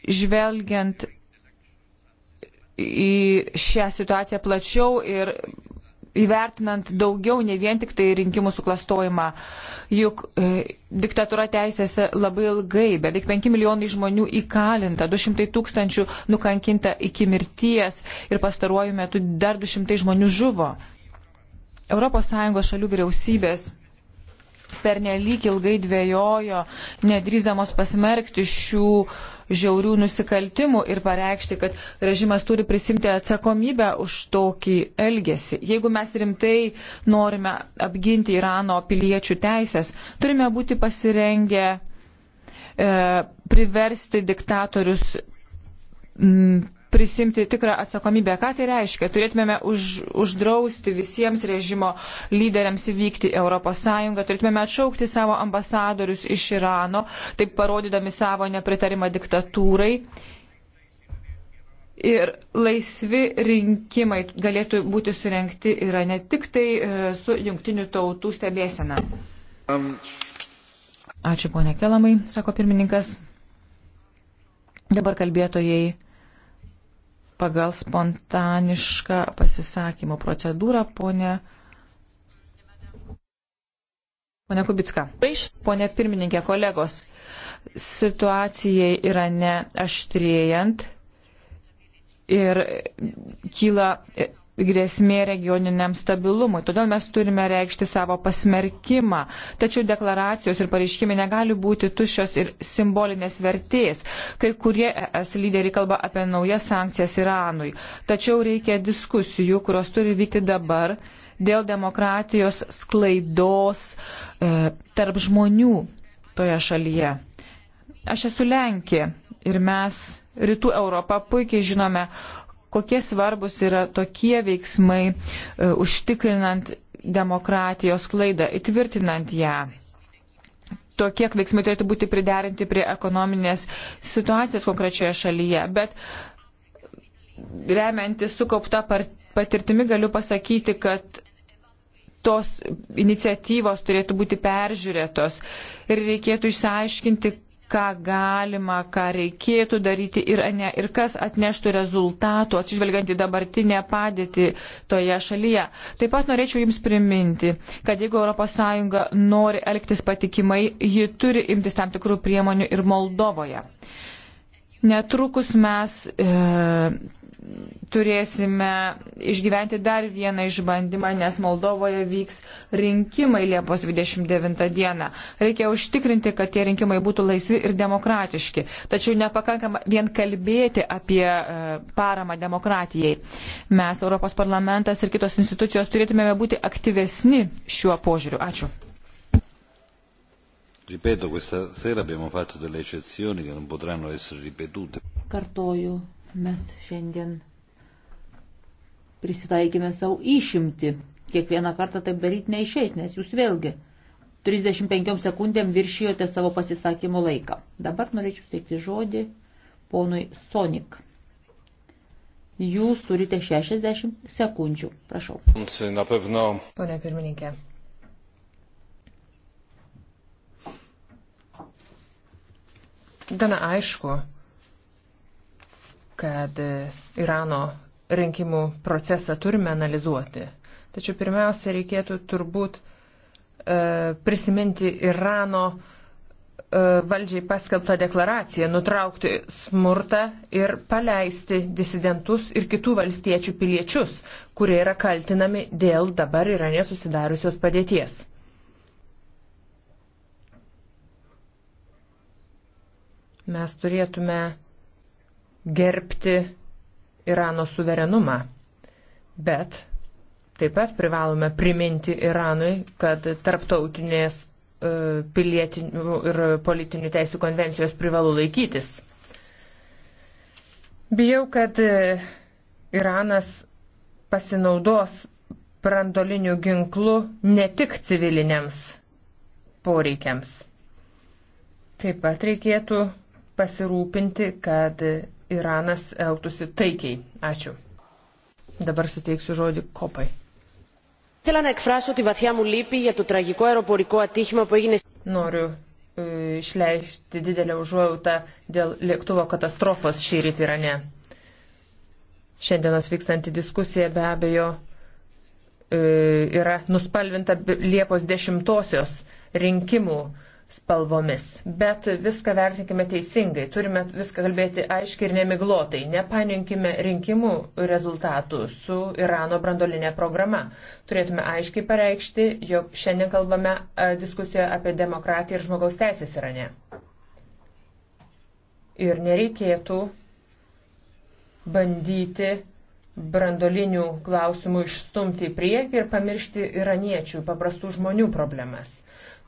žvelgiant į šią situaciją plačiau ir įvertinant daugiau, ne vien tik tai rinkimų suklastojimą. Juk e, diktatūra teisėse labai ilgai, beveik 5 milijonai žmonių įkalinta, 200 tūkstančių nukankinta iki mirties ir pastaruoju metu dar 200 žmonių žuvo. ES šalių vyriausybės pernelyg ilgai dvėjojo, nedrįzdamos pasmerkti šių žiaurių nusikaltimų ir pareikšti, kad režimas turi prisimti atsakomybę už tokį elgesį. Jeigu mes rimtai norime apginti Irano piliečių teisės, turime būti pasirengę e, priversti diktatorius. M, prisimti tikrą atsakomybę. Ką tai reiškia? Turėtumėme už, uždrausti visiems režimo lyderiams įvykti ES, turėtumėme atšaukti savo ambasadorius iš Irano, taip parodydami savo nepritarimą diktatūrai. Ir laisvi rinkimai galėtų būti surenkti yra ne tik tai e, su jungtinių tautų stebėsena. Um. Ačiū ponia Kelamai, sako pirmininkas. Dabar kalbėtojai pagal spontanišką pasisakymo procedūrą, ponė. Pone Kubicka. Pone pirmininkė, kolegos, situacijai yra neaštrėjant ir kyla grėsmė regioniniam stabilumui. Todėl mes turime reikšti savo pasmerkimą. Tačiau deklaracijos ir pareiškimai negali būti tušios ir simbolinės vertės. Kai kurie ES lyderiai kalba apie naujas sankcijas Iranui. Tačiau reikia diskusijų, kurios turi vykti dabar dėl demokratijos sklaidos e, tarp žmonių toje šalyje. Aš esu Lenkė ir mes rytų Europą puikiai žinome, kokie svarbus yra tokie veiksmai e, užtikrinant demokratijos klaidą, įtvirtinant ją. Tokie veiksmai turėtų būti priderinti prie ekonominės situacijos konkrečioje šalyje, bet remiantis sukaupta patirtimi galiu pasakyti, kad tos iniciatyvos turėtų būti peržiūrėtos ir reikėtų išsiaiškinti, ką galima, ką reikėtų daryti ir, ne, ir kas atneštų rezultatų, atsižvelgiant į dabartinę padėtį toje šalyje. Taip pat norėčiau Jums priminti, kad jeigu ES nori elgtis patikimai, ji turi imtis tam tikrų priemonių ir Moldovoje. Netrukus mes. E, turėsime išgyventi dar vieną išbandymą, nes Moldovoje vyks rinkimai Liepos 29 dieną. Reikia užtikrinti, kad tie rinkimai būtų laisvi ir demokratiški. Tačiau nepakankama vien kalbėti apie e, paramą demokratijai. Mes, Europos parlamentas ir kitos institucijos, turėtume būti aktyvesni šiuo požiūriu. Ačiū. Ripeto, questa sera abbiamo fatto delle eccezioni che non potranno essere ripetute. Cartoio Mes šiandien prisitaikėme savo išimti. Kiekvieną kartą taip daryti neišeis, nes jūs vėlgi 35 sekundėm viršijote savo pasisakymo laiką. Dabar norėčiau teikti žodį ponui Sonik. Jūs turite 60 sekundžių. Prašau. Pone pirmininkė. Gana aišku, kad e, Irano rinkimų procesą turime analizuoti. Tačiau pirmiausia, reikėtų turbūt e, prisiminti Irano e, valdžiai paskelbtą deklaraciją nutraukti smurtą ir paleisti disidentus ir kitų valstiečių piliečius, kurie yra kaltinami dėl dabar yra nesusidariusios padėties. Mes turėtume gerbti Irano suverenumą. Bet taip pat privalome priminti Iranui, kad tarptautinės e, pilietinių ir politinių teisų konvencijos privalu laikytis. Bijau, kad e, Iranas pasinaudos brandoliniu ginklu ne tik civiliniams poreikiams. Taip pat reikėtų pasirūpinti, kad Iranas elgtųsi taikiai. Ačiū. Dabar suteiksiu žodį kopai. Noriu išleisti didelę užuojautą dėl lėktuvo katastrofos šį rytį Irane. Šiandienos vykstanti diskusija be abejo e, yra nuspalvinta Liepos 10 rinkimų spalvomis. Bet viską vertinkime teisingai, turime viską kalbėti aiškiai ir nemiglotai, nepaininkime rinkimų rezultatų su Irano brandolinė programa. Turėtume aiškiai pareikšti, jog šiandien kalbame diskusijoje apie demokratiją ir žmogaus teisės Irane. Ir nereikėtų bandyti brandolinių klausimų išstumti į priekį ir pamiršti iraniečių, paprastų žmonių problemas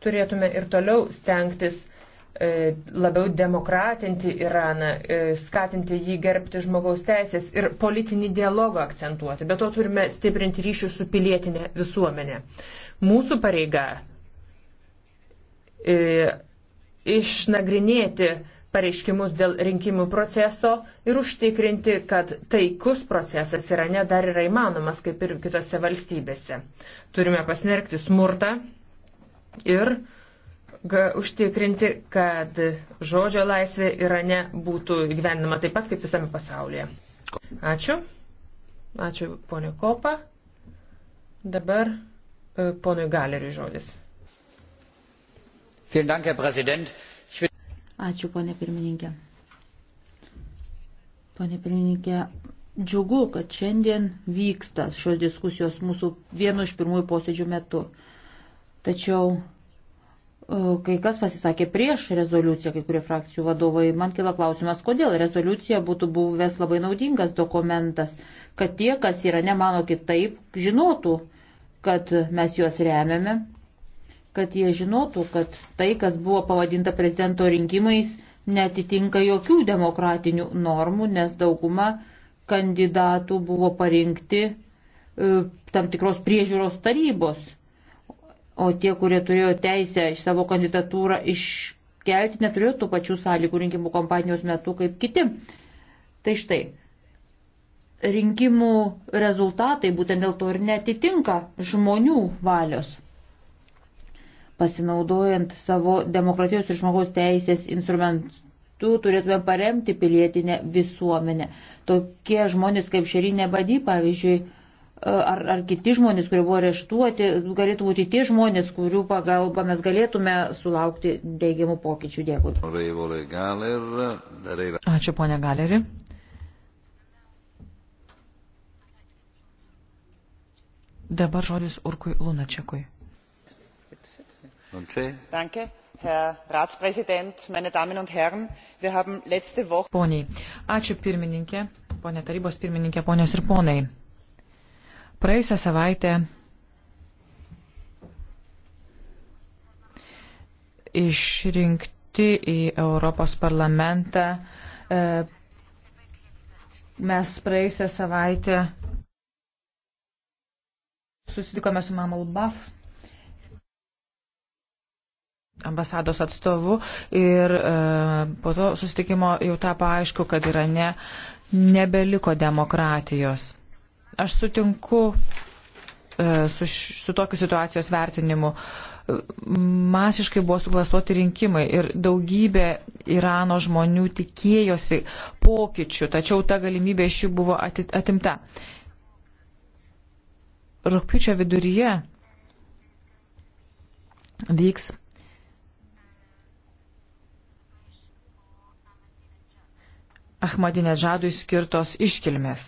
turėtume ir toliau stengtis e, labiau demokratinti Iraną, e, skatinti jį gerbti žmogaus teisės ir politinį dialogą akcentuoti. Be to turime stiprinti ryšių su pilietinė visuomenė. Mūsų pareiga e, išnagrinėti pareiškimus dėl rinkimų proceso ir užtikrinti, kad taikus procesas Irane dar yra įmanomas, kaip ir kitose valstybėse. Turime pasmerkti smurtą ir užtikrinti, kad žodžio laisvė Irane būtų gyvenama taip pat kaip visame pasaulyje. Ačiū. Ačiū ponio Kopa. Dabar e, ponui Galeriui žodis. Ačiū, ponė pirmininkė. Pone pirmininkė, džiugu, kad šiandien vyksta šios diskusijos mūsų vienu iš pirmųjų posėdžių metu. Tačiau e, kai kas pasisakė prieš rezoliuciją, kai kurie frakcijų vadovai, man kila klausimas, kodėl rezoliucija būtų buvęs labai naudingas dokumentas, kad tie, kas yra nemano kitaip, žinotų, kad mes juos remiame, kad jie žinotų, kad tai, kas buvo pavadinta prezidento rinkimais, netitinka jokių demokratinių normų, nes dauguma kandidatų buvo parinkti e, tam tikros priežiūros tarybos o tie, kurie turėjo teisę savo kandidatūrą iškelti, neturėjo tų pačių sąlygų rinkimų kompanijos metu kaip kiti. Tai štai, rinkimų rezultatai būtent dėl to ir netitinka žmonių valios. Pasinaudojant savo demokratijos ir žmogaus teisės instrumentus tu turėtume paremti pilietinę visuomenę. Tokie žmonės kaip Šerinė Bady, pavyzdžiui, ar, ar kiti žmonės, kurie buvo areštuoti, galėtų būti tie žmonės, kurių pagalba mes galėtume sulaukti teigiamų pokyčių. Dėkui. Ačiū, ponė Galeri. Dabar žodis Urkui Lunačekui. Danke. Herr Ratspräsident, meine Damen und Herren, wir haben letzte Woche. Poniai, ačiū pirmininkė, ponė tarybos pirmininkė, ponios ir ponai. Praėjusią savaitę išrinkti į Europos parlamentą. E, mes praėjusią savaitę susitikome su Mamul Baf ambasados atstovu ir e, po to susitikimo jau tapo aišku, kad Irane nebeliko demokratijos. Aš sutinku e, su, su tokiu situacijos vertinimu. Masiškai buvo suklastoti rinkimai ir daugybė Irano žmonių tikėjosi pokyčių, tačiau ta galimybė iš jų buvo atimta. Rūpiučio viduryje vyks Ahmadinė žadui skirtos iškilmės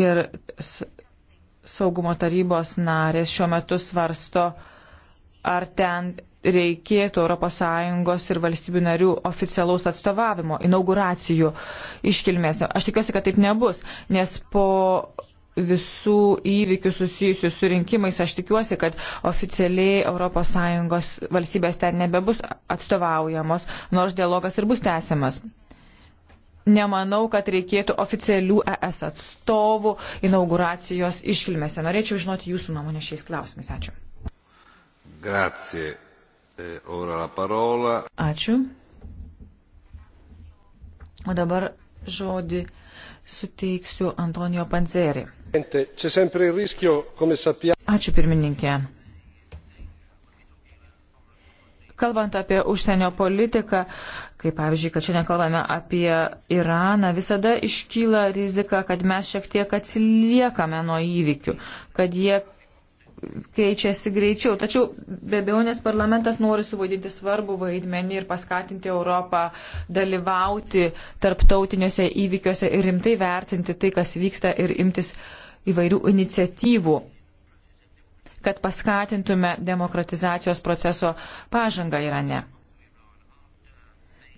ir saugumo tarybos narės šiuo metu svarsto, ar ten reikėtų ES ir valstybių narių oficialaus atstovavimo, inauguracijų iškilmėse. Aš tikiuosi, kad taip nebus, nes po visų įvykių susijusių su rinkimais, aš tikiuosi, kad oficialiai ES valstybės ten nebebus atstovaujamos, nors dialogas ir bus tęsiamas nemanau, kad reikėtų oficialių ES atstovų inauguracijos iškilmėse. Norėčiau žinoti jūsų nuomonę šiais klausimais. Ačiū. Grazie. E, ora la parola. Ačiū. O dabar žodį suteiksiu Antonijo Panzerį. Ačiū pirmininkė. Kalbant apie užsienio politiką, kaip pavyzdžiui, kad šiandien kalbame apie Iraną, visada iškyla rizika, kad mes šiek tiek atsiliekame nuo įvykių, kad jie keičiasi greičiau. Tačiau be abejonės parlamentas nori suvaidinti svarbų vaidmenį ir paskatinti Europą dalyvauti tarptautiniuose įvykiuose ir rimtai vertinti tai, kas vyksta ir imtis įvairių iniciatyvų kad paskatintume demokratizacijos proceso pažangą Irane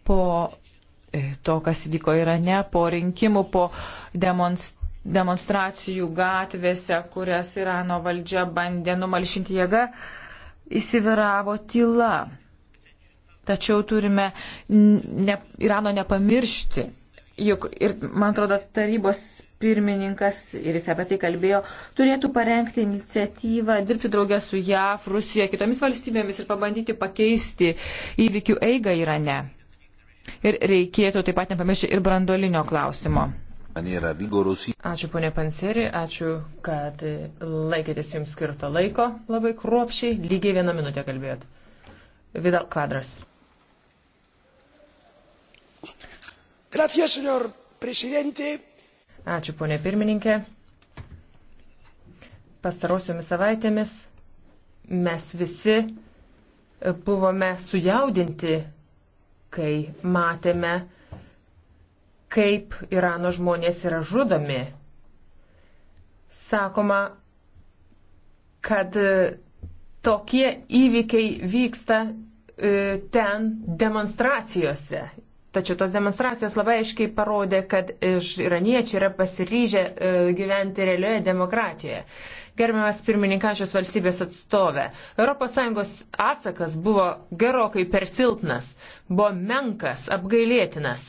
po e, to, kas vyko Irane, po rinkimų, po demonstracijų gatvėse, kurias Irano valdžia bandė numalšinti jėgą, įsivyravo tyla. Tačiau turime ne, Irano nepamiršti. Juk ir, man atrodo, tarybos pirmininkas, ir jis apie tai kalbėjo, turėtų parengti iniciatyvą, dirbti draugę su JAF, Rusija, kitomis valstybėmis ir pabandyti pakeisti įvykių eigą Irane. Ir reikėtų taip pat nepamiršti ir brandolinio klausimo. Ačiū ponė Panseri, ačiū, kad laikėtės jums skirto laiko labai kruopšiai, lygiai vieną minutę kalbėjot. Vidal Kadras. Gracias, senor presidente. Ačiū ponė pirmininkė. Pastarosiomis savaitėmis mes visi buvome sujaudinti kai matėme, kaip Irano žmonės yra žudomi. Sakoma, kad tokie įvykiai vyksta e, ten demonstracijose. Tačiau tos demonstracijos labai aiškiai parodė, kad iš iraniečių yra pasiryžę e, gyventi realioje demokratijoje gerbiamas pirmininkančios valstybės atstovė. ES atsakas buvo gerokai persilpnas, buvo menkas, apgailėtinas.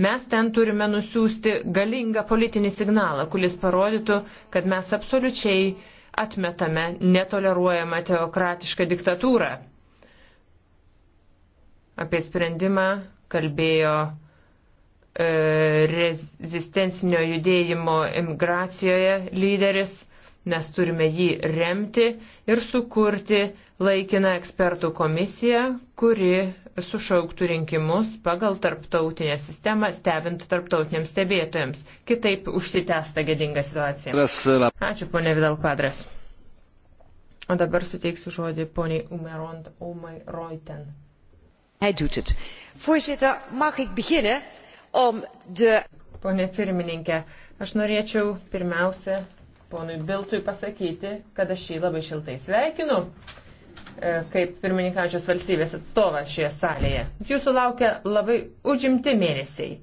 Mes ten turime nusiųsti galingą politinį signalą, kuris parodytų, kad mes absoliučiai atmetame netoleruojamą teokratišką diktatūrą. Apie sprendimą kalbėjo e, rezistencinio judėjimo imigracijoje lyderis nes turime jį remti ir sukurti laikiną ekspertų komisiją, kuri sušauktų rinkimus pagal tarptautinę sistemą, stebint tarptautiniams stebėtojams. Kitaip užsitęsta gėdinga situacija. E, Ačiū, ponė Vidal Kvadras. O dabar suteiksiu žodį poniai Umerond Omai Reuten. Voorzitter, mag ik beginnen om de. Pone pirmininkė, aš norėčiau pirmiausia ponui Biltui pasakyti, kad aš jį labai šiltai sveikinu e, kaip pirmininkančios valstybės atstovas šioje salėje. Jūsų laukia labai užimti mėnesiai,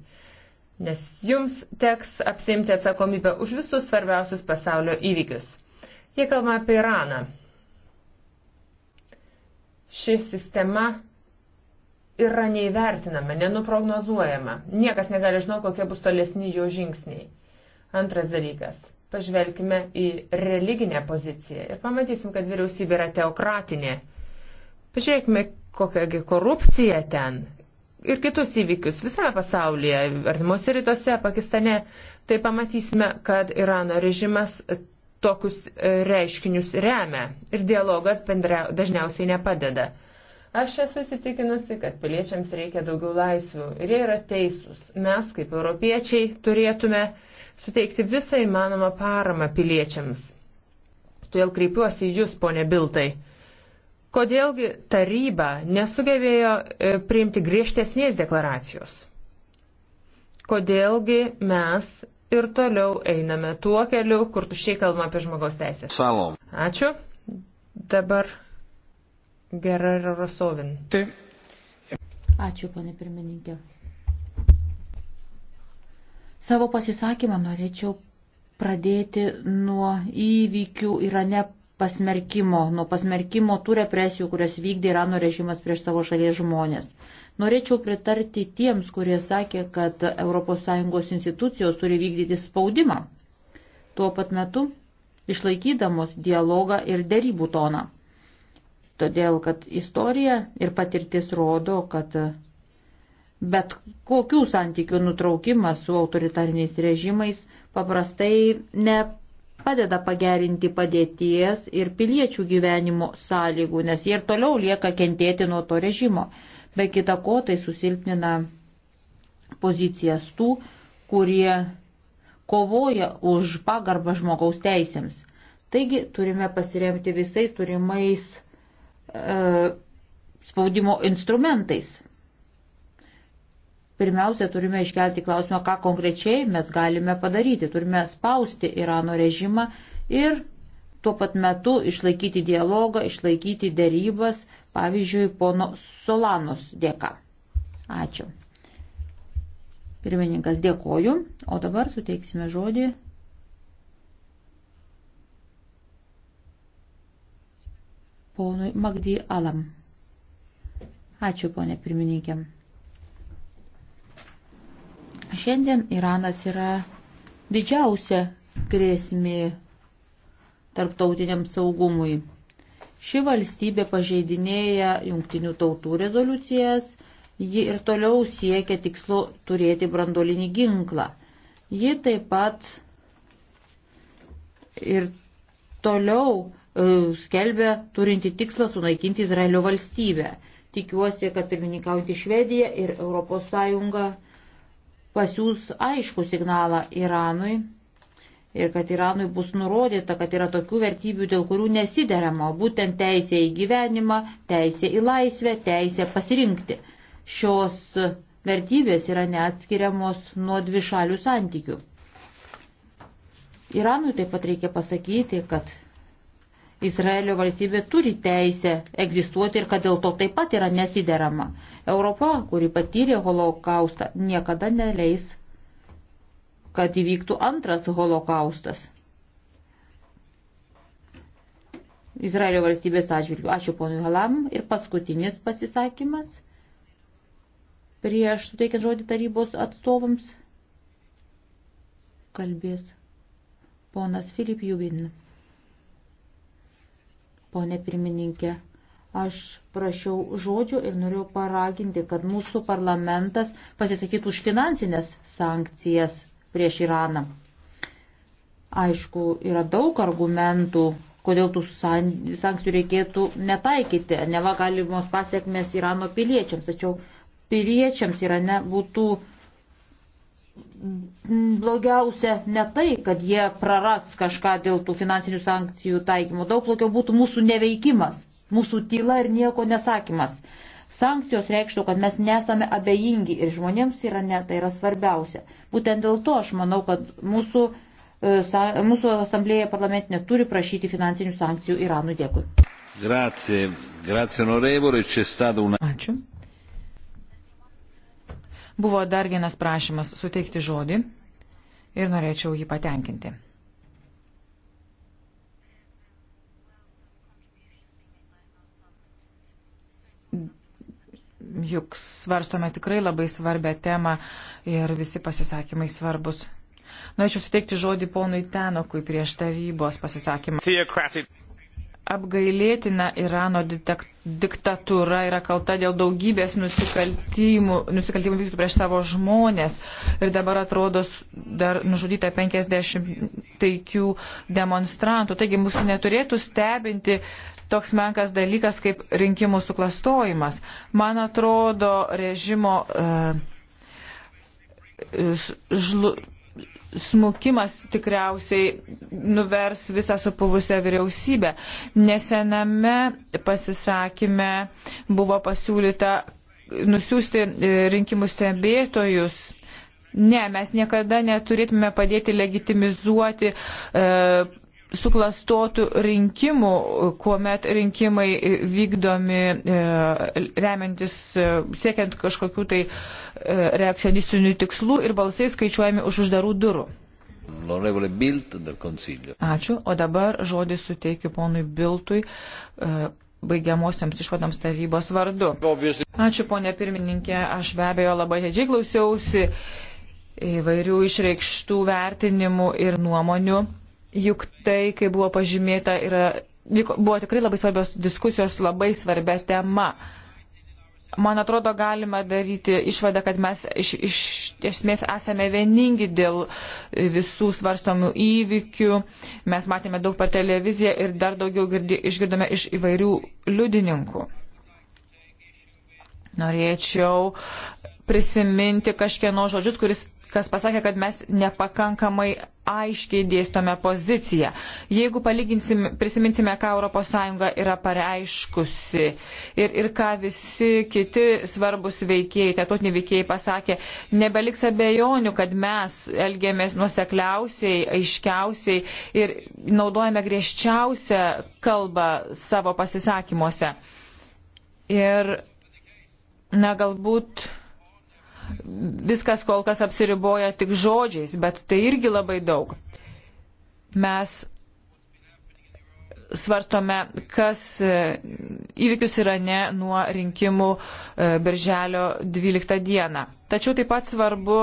nes jums teks apsimti atsakomybę už visus svarbiausius pasaulio įvykius. Jie kalba apie Iraną. Ši sistema yra neįvertinama, nenuprognozuojama. Niekas negali žinoti, kokie bus tolesni jo žingsniai. Antras dalykas pažvelkime į religinę poziciją ir pamatysim, kad vyriausybė yra teokratinė. Pažiūrėkime, kokiagi korupcija ten ir kitus įvykius visame pasaulyje, artimuose rytuose, Pakistane, tai pamatysime, kad Irano režimas tokius reiškinius remia ir dialogas bendra, dažniausiai nepadeda. Aš esu įsitikinusi, kad piliečiams reikia daugiau laisvių ir jie yra teisūs. Mes, kaip europiečiai, turėtume suteikti visą įmanomą paramą piliečiams. Todėl kreipiuosi į Jūs, ponė Biltai. Kodėlgi taryba nesugebėjo e, priimti griežtesnės deklaracijos? Kodėlgi mes ir toliau einame tuo keliu, kur tušiai kalbama apie žmogaus teisės? Salom. Ačiū. Dabar Gerarė Rosovin. Taip. Ačiū, ponė pirmininkė. Savo pasisakymą norėčiau pradėti nuo įvykių Irane pasmerkimo, nuo pasmerkimo tų represijų, kurias vykdė Irano režimas prieš savo šalies žmonės. Norėčiau pritarti tiems, kurie sakė, kad ES institucijos turi vykdyti spaudimą, tuo pat metu išlaikydamos dialogą ir dėrybų toną todėl kad istorija ir patirtis rodo, kad bet kokių santykių nutraukimas su autoritariniais režimais paprastai nepadeda pagerinti padėties ir piliečių gyvenimo sąlygų, nes jie ir toliau lieka kentėti nuo to režimo. Be kita ko, tai susilpnina pozicijas tų, kurie kovoja už pagarbą žmogaus teisėms. Taigi turime pasiremti visais turimais E, spaudimo instrumentais. Pirmiausia, turime iškelti klausimą, ką konkrečiai mes galime padaryti. Turime spausti Irano režimą ir tuo pat metu išlaikyti dialogą, išlaikyti dėrybas, pavyzdžiui, pono Solanos dėka. Ačiū. Pirmininkas dėkoju, o dabar suteiksime žodį ponui Magdy Alam. Ačiū, ponė pirmininkė. Šiandien Iranas yra didžiausia grėsmė tarptautiniam saugumui. Ši valstybė pažeidinėja jungtinių tautų rezoliucijas, ji ir toliau siekia tikslo turėti brandolinį ginklą. Ji taip pat ir toliau E, skelbia turinti tikslą sunaikinti Izraelio valstybę. Tikiuosi, kad pirmininkaujantį Švediją ir ES pasiūs aišku signalą Iranui ir kad Iranui bus nurodyta, kad yra tokių vertybių, dėl kurių nesiderama, būtent teisė į gyvenimą, teisė į laisvę, teisė pasirinkti. Šios vertybės yra neatskiriamos nuo dvišalių santykių. Iranui taip pat reikia pasakyti, kad Izraelio valstybė turi teisę egzistuoti ir kad dėl to taip pat yra nesiderama. Europa, kuri patyrė holokaustą, niekada neleis, kad įvyktų antras holokaustas. Izraelio valstybės atžvilgių. Ačiū ponui Halam. Ir paskutinis pasisakymas prieš suteikiant žodį tarybos atstovams kalbės ponas Filip Jubin ponė pirmininkė. Aš prašiau žodžio ir norėjau paraginti, kad mūsų parlamentas pasisakytų už finansinės sankcijas prieš Iraną. Aišku, yra daug argumentų, kodėl tų sankcijų reikėtų netaikyti, neva galimos pasiekmes Irano piliečiams, tačiau piliečiams Irane būtų blogiausia ne tai, kad jie praras kažką dėl tų finansinių sankcijų taikymo. Daug blogiau būtų mūsų neveikimas, mūsų tyla ir nieko nesakymas. Sankcijos reikštų, kad mes nesame abejingi ir žmonėms yra ne, tai yra svarbiausia. Būtent dėl to aš manau, kad mūsų, e, mūsų asamblėje parlamentinė turi prašyti finansinių sankcijų Iranui. Dėkui. Grazie. Grazie, onorevole. C'è stata una... Ačiū. Buvo dar vienas prašymas suteikti žodį ir norėčiau jį patenkinti. Juk svarstome tikrai labai svarbę temą ir visi pasisakymai svarbus. Norėčiau suteikti žodį ponui Tenokui prieš tarybos pasisakymą. Theocratic apgailėtina Irano diktatūra yra kalta dėl daugybės nusikaltimų, nusikaltimų vykdytų prieš savo žmonės. Ir dabar atrodo dar nužudyta 50 taikių demonstrantų. Taigi mūsų neturėtų stebinti toks menkas dalykas kaip rinkimų suklastojimas. Man atrodo, režimo. Uh, žlu, smukimas tikriausiai nuvers visą supuvusią vyriausybę. Nesename pasisakime buvo pasiūlyta nusiųsti e, rinkimų stebėtojus. Ne, mes niekada neturėtume padėti legitimizuoti e, suklastotų rinkimų, kuomet rinkimai vykdomi e, remiantis, e, siekiant kažkokių tai e, reakcionistinių tikslų ir balsai skaičiuojami už uždarų durų. Ačiū, o dabar žodį suteikiu ponui Biltui baigiamosiams išvadoms tarybos vardu. Ačiū, ponė pirmininkė, aš be abejo labai hedžiai klausiausi įvairių išreikštų vertinimų ir nuomonių juk tai, kaip buvo pažymėta, yra, buvo tikrai labai svarbios diskusijos, labai svarbia tema. Man atrodo, galime daryti išvadą, kad mes iš, iš esmės esame vieningi dėl visų svarstomų įvykių. Mes matėme daug per televiziją ir dar daugiau girdi, išgirdome iš įvairių liudininkų. Norėčiau prisiminti kažkieno žodžius, kuris kas pasakė, kad mes nepakankamai aiškiai dėstome poziciją. Jeigu prisiminsime, ką ES yra pareiškusi ir, ir ką visi kiti svarbus veikėjai, tarptautiniai veikėjai pasakė, nebeliks abejonių, kad mes elgiamės nusekliausiai, aiškiausiai ir naudojame griežčiausią kalbą savo pasisakymuose. Ir, na, galbūt viskas kol kas apsiriboja tik žodžiais, bet tai irgi labai daug. Mes svarstome, kas e, įvykius Irane nuo rinkimų e, birželio 12 dieną. Tačiau taip pat svarbu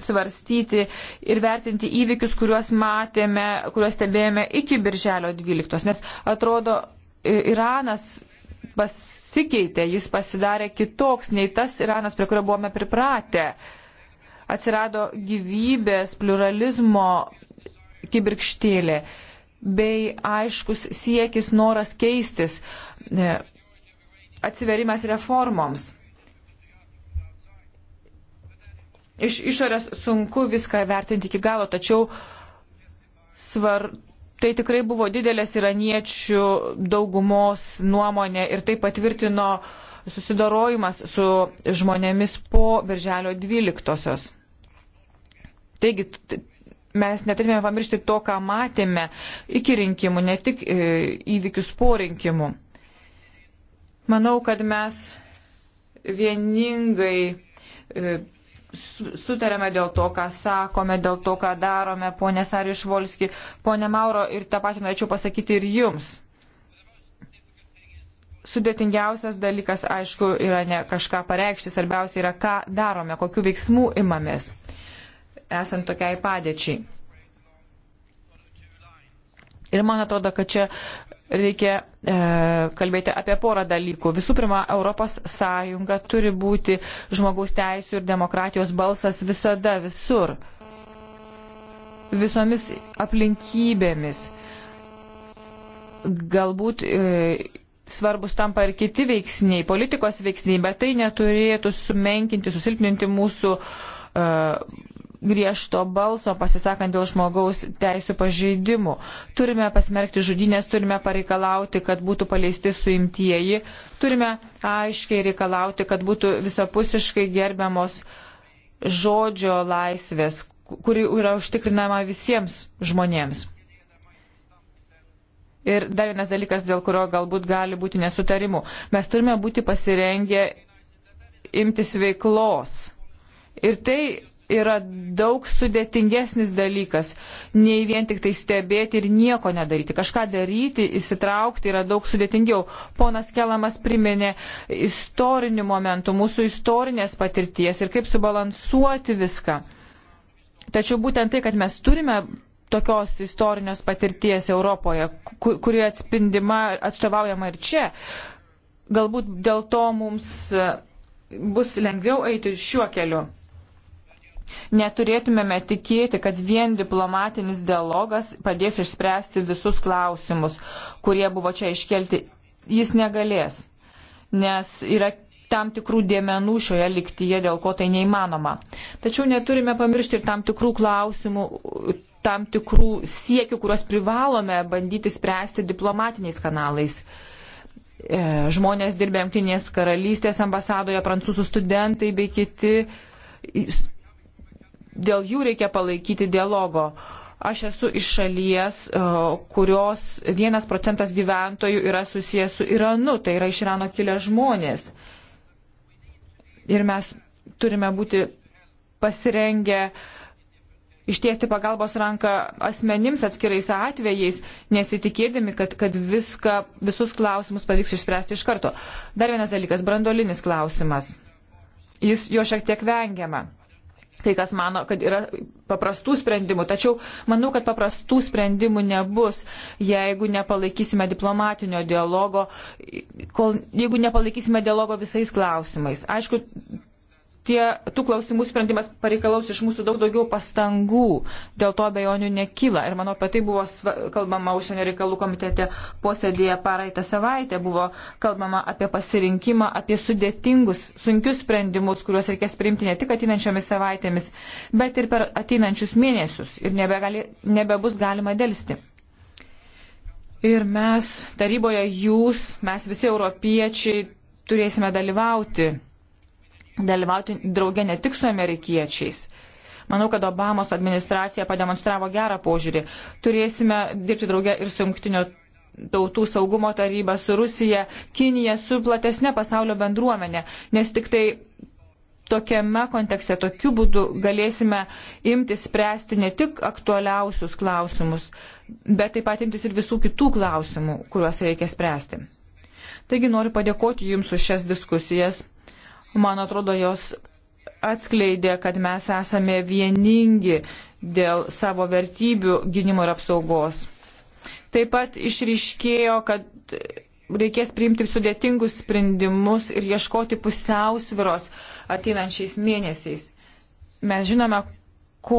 svarstyti ir vertinti įvykius, kuriuos matėme, kuriuos stebėjome iki birželio 12, nes atrodo, e, Iranas pasikeitė, jis pasidarė kitoks nei tas Iranas, prie kurio buvome pripratę. Atsirado gyvybės, pluralizmo kibirkštėlė bei aiškus siekis, noras keistis, e, atsiverimas reformoms. Iš išorės sunku viską vertinti iki galo, tačiau svar, Tai tikrai buvo didelės iraniečių daugumos nuomonė ir tai patvirtino susidorojimas su žmonėmis po Birželio 12-osios. Taigi mes neturime pamiršti to, ką matėme iki rinkimų, ne tik e, įvykius po rinkimų. Manau, kad mes vieningai e, sutarėme dėl to, ką sakome, dėl to, ką darome, ponė Sarišvolski, ponė Mauro, ir tą patį norėčiau pasakyti ir jums. Sudėtingiausias dalykas, aišku, yra ne kažką pareikšti, svarbiausia yra, ką darome, kokiu veiksmu imamės, esant tokiai padėčiai. Ir man atrodo, kad čia reikia e, kalbėti apie porą dalykų. Visų pirma, ES turi būti žmogaus teisų ir demokratijos balsas visada, visur, visomis aplinkybėmis. Galbūt e, svarbus tampa ir kiti veiksniai, politikos veiksniai, bet tai neturėtų sumenkinti, susilpninti mūsų e, griežto balso pasisakant dėl žmogaus teisų pažeidimų. Turime pasmerkti žudynės, turime pareikalauti, kad būtų paleisti suimtieji, turime aiškiai reikalauti, kad būtų visapusiškai gerbiamos žodžio laisvės, kuri yra užtikrinama visiems žmonėms. Ir dar vienas dalykas, dėl kurio galbūt gali būti nesutarimų. Mes turime būti pasirengę imtis veiklos. Ir tai yra daug sudėtingesnis dalykas, nei vien tik tai stebėti ir nieko nedaryti. Kažką daryti, įsitraukti yra daug sudėtingiau. Ponas Kelamas priminė istorinių momentų, mūsų istorinės patirties ir kaip subalansuoti viską. Tačiau būtent tai, kad mes turime tokios istorinės patirties Europoje, kurie atspindima, atstovaujama ir čia, galbūt dėl to mums e, bus lengviau eiti šiuo keliu. Neturėtumėme tikėti, kad vien diplomatinis dialogas padės išspręsti visus klausimus, kurie buvo čia iškelti. Jis negalės, nes yra tam tikrų dėmenų šioje liktyje, dėl ko tai neįmanoma. Tačiau neturime pamiršti ir tam tikrų klausimų, tam tikrų siekių, kuriuos privalome bandyti spręsti diplomatiniais kanalais. E, žmonės dirbė Junktinės karalystės ambasadoje, prancūzų studentai bei kiti dėl jų reikia palaikyti dialogo. Aš esu iš šalies, e, kurios vienas procentas gyventojų yra susijęs su Iranu, tai yra iš Irano kilę žmonės. Ir mes turime būti pasirengę ištiesti pagalbos ranką asmenims atskirais atvejais, nesitikėdami, kad, kad viską, visus klausimus pavyks išspręsti iš karto. Dar vienas dalykas - brandolinis klausimas. Jis jo šiek tiek vengiama kai kas mano, kad yra paprastų sprendimų. Tačiau manau, kad paprastų sprendimų nebus, jeigu nepalaikysime diplomatinio dialogo, kol, jeigu nepalaikysime dialogo visais klausimais. Aišku, tie, tų klausimų sprendimas pareikalaus iš mūsų daug daugiau pastangų, dėl to bejonių nekyla. Ir manau, apie tai buvo kalbama užsienio reikalų komitete posėdėje paraitą savaitę, buvo kalbama apie pasirinkimą, apie sudėtingus, sunkius sprendimus, kuriuos reikės priimti ne tik ateinančiomis savaitėmis, bet ir per ateinančius mėnesius ir nebegali, nebebus galima dėlsti. Ir mes taryboje jūs, mes visi europiečiai turėsime dalyvauti dalyvauti drauge ne tik su amerikiečiais. Manau, kad Obamos administracija pademonstravo gerą požiūrį. Turėsime dirbti drauge ir su jungtinio tautų saugumo taryba, su Rusija, Kinija, su platesne pasaulio bendruomenė, nes tik tai tokiame kontekste, tokiu būdu galėsime imti spręsti ne tik aktualiausius klausimus, bet taip pat imtis ir visų kitų klausimų, kuriuos reikia spręsti. Taigi noriu padėkoti Jums už šias diskusijas. Man atrodo, jos atskleidė, kad mes esame vieningi dėl savo vertybių gynimo ir apsaugos. Taip pat išryškėjo, kad reikės priimti sudėtingus sprendimus ir ieškoti pusiausviros ateinančiais mėnesiais. Mes žinome, ko,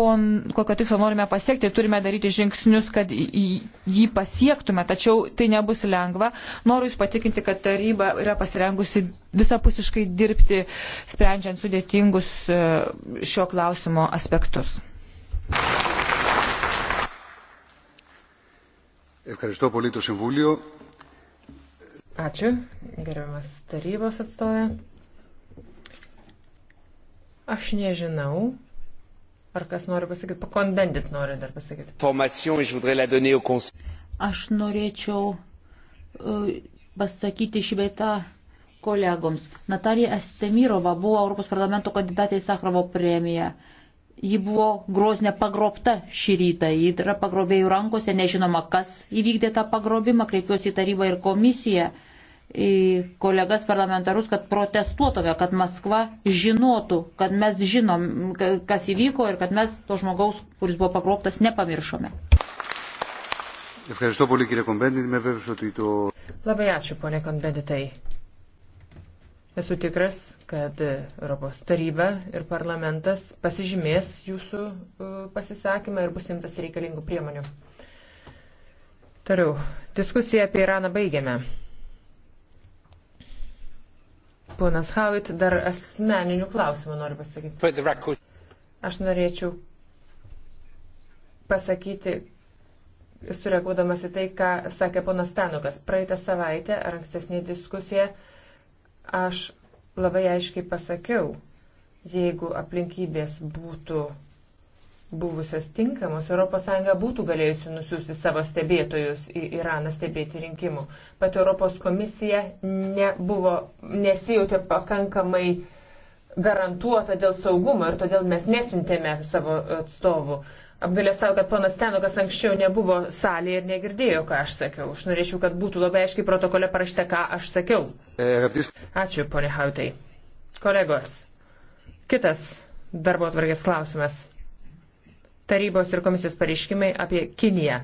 kokio tikslo norime pasiekti, turime daryti žingsnius, kad jį pasiektume, tačiau tai nebus lengva. Noriu Jūs patikinti, kad taryba yra pasirengusi visapusiškai dirbti, sprendžiant sudėtingus e, šio klausimo aspektus. Ačiū, gerbiamas tarybos atstovė. Aš nežinau, Ar kas nori pasakyti? Pakonbendit nori dar pasakyti. Aš norėčiau uh, pasakyti šveitą kolegoms. Natalija Estemirova buvo Europos parlamento kandidatė į Sakrovo premiją. Ji buvo grozinė pagrobta šį rytą. Ji yra pagrobėjų rankose, nežinoma, kas įvykdė tą pagrobimą, kreipiuosi į tarybą ir komisiją. Uh, į kolegas parlamentarus, kad protestuotume, kad Maskva žinotų, kad mes žinom, kas įvyko ir kad mes to žmogaus, kuris buvo pakroptas, nepamiršome. Labai ačiū, ponė Konbeditai. Esu tikras, kad Europos taryba ir parlamentas pasižymės jūsų e, pasisakymą ir bus imtas reikalingų priemonių. Toliau, diskusiją apie Iraną baigiame. Ponas Havit, dar asmeninių klausimų noriu pasakyti. Aš norėčiau pasakyti, sureaguodamas į tai, ką sakė ponas Stanukas. Praeitą savaitę ar ankstesnį diskusiją aš labai aiškiai pasakiau, jeigu aplinkybės būtų buvusios tinkamos, ES būtų galėjusi nusiųsti savo stebėtojus į Iraną stebėti rinkimų, bet Europos komisija nebuvo, nesijautė pakankamai garantuota dėl saugumo ir todėl mes nesintėme savo atstovų. Apgalė savo, kad ponas Tenukas anksčiau nebuvo salėje ir negirdėjo, ką aš sakiau. Aš norėčiau, kad būtų labai aiškiai protokole parašyta, ką aš sakiau. E, Ačiū, ponė Hautai. Kolegos, kitas darbo atvarkės klausimas tarybos ir komisijos pareiškimai apie Kiniją.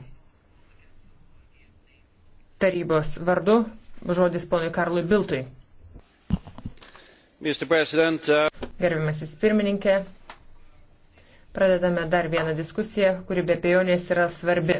Tarybos vardu žodis ponui Karlui Biltui. Uh... Gerbiamasis pirmininkė, pradedame dar vieną diskusiją, kuri be pejonės yra svarbi.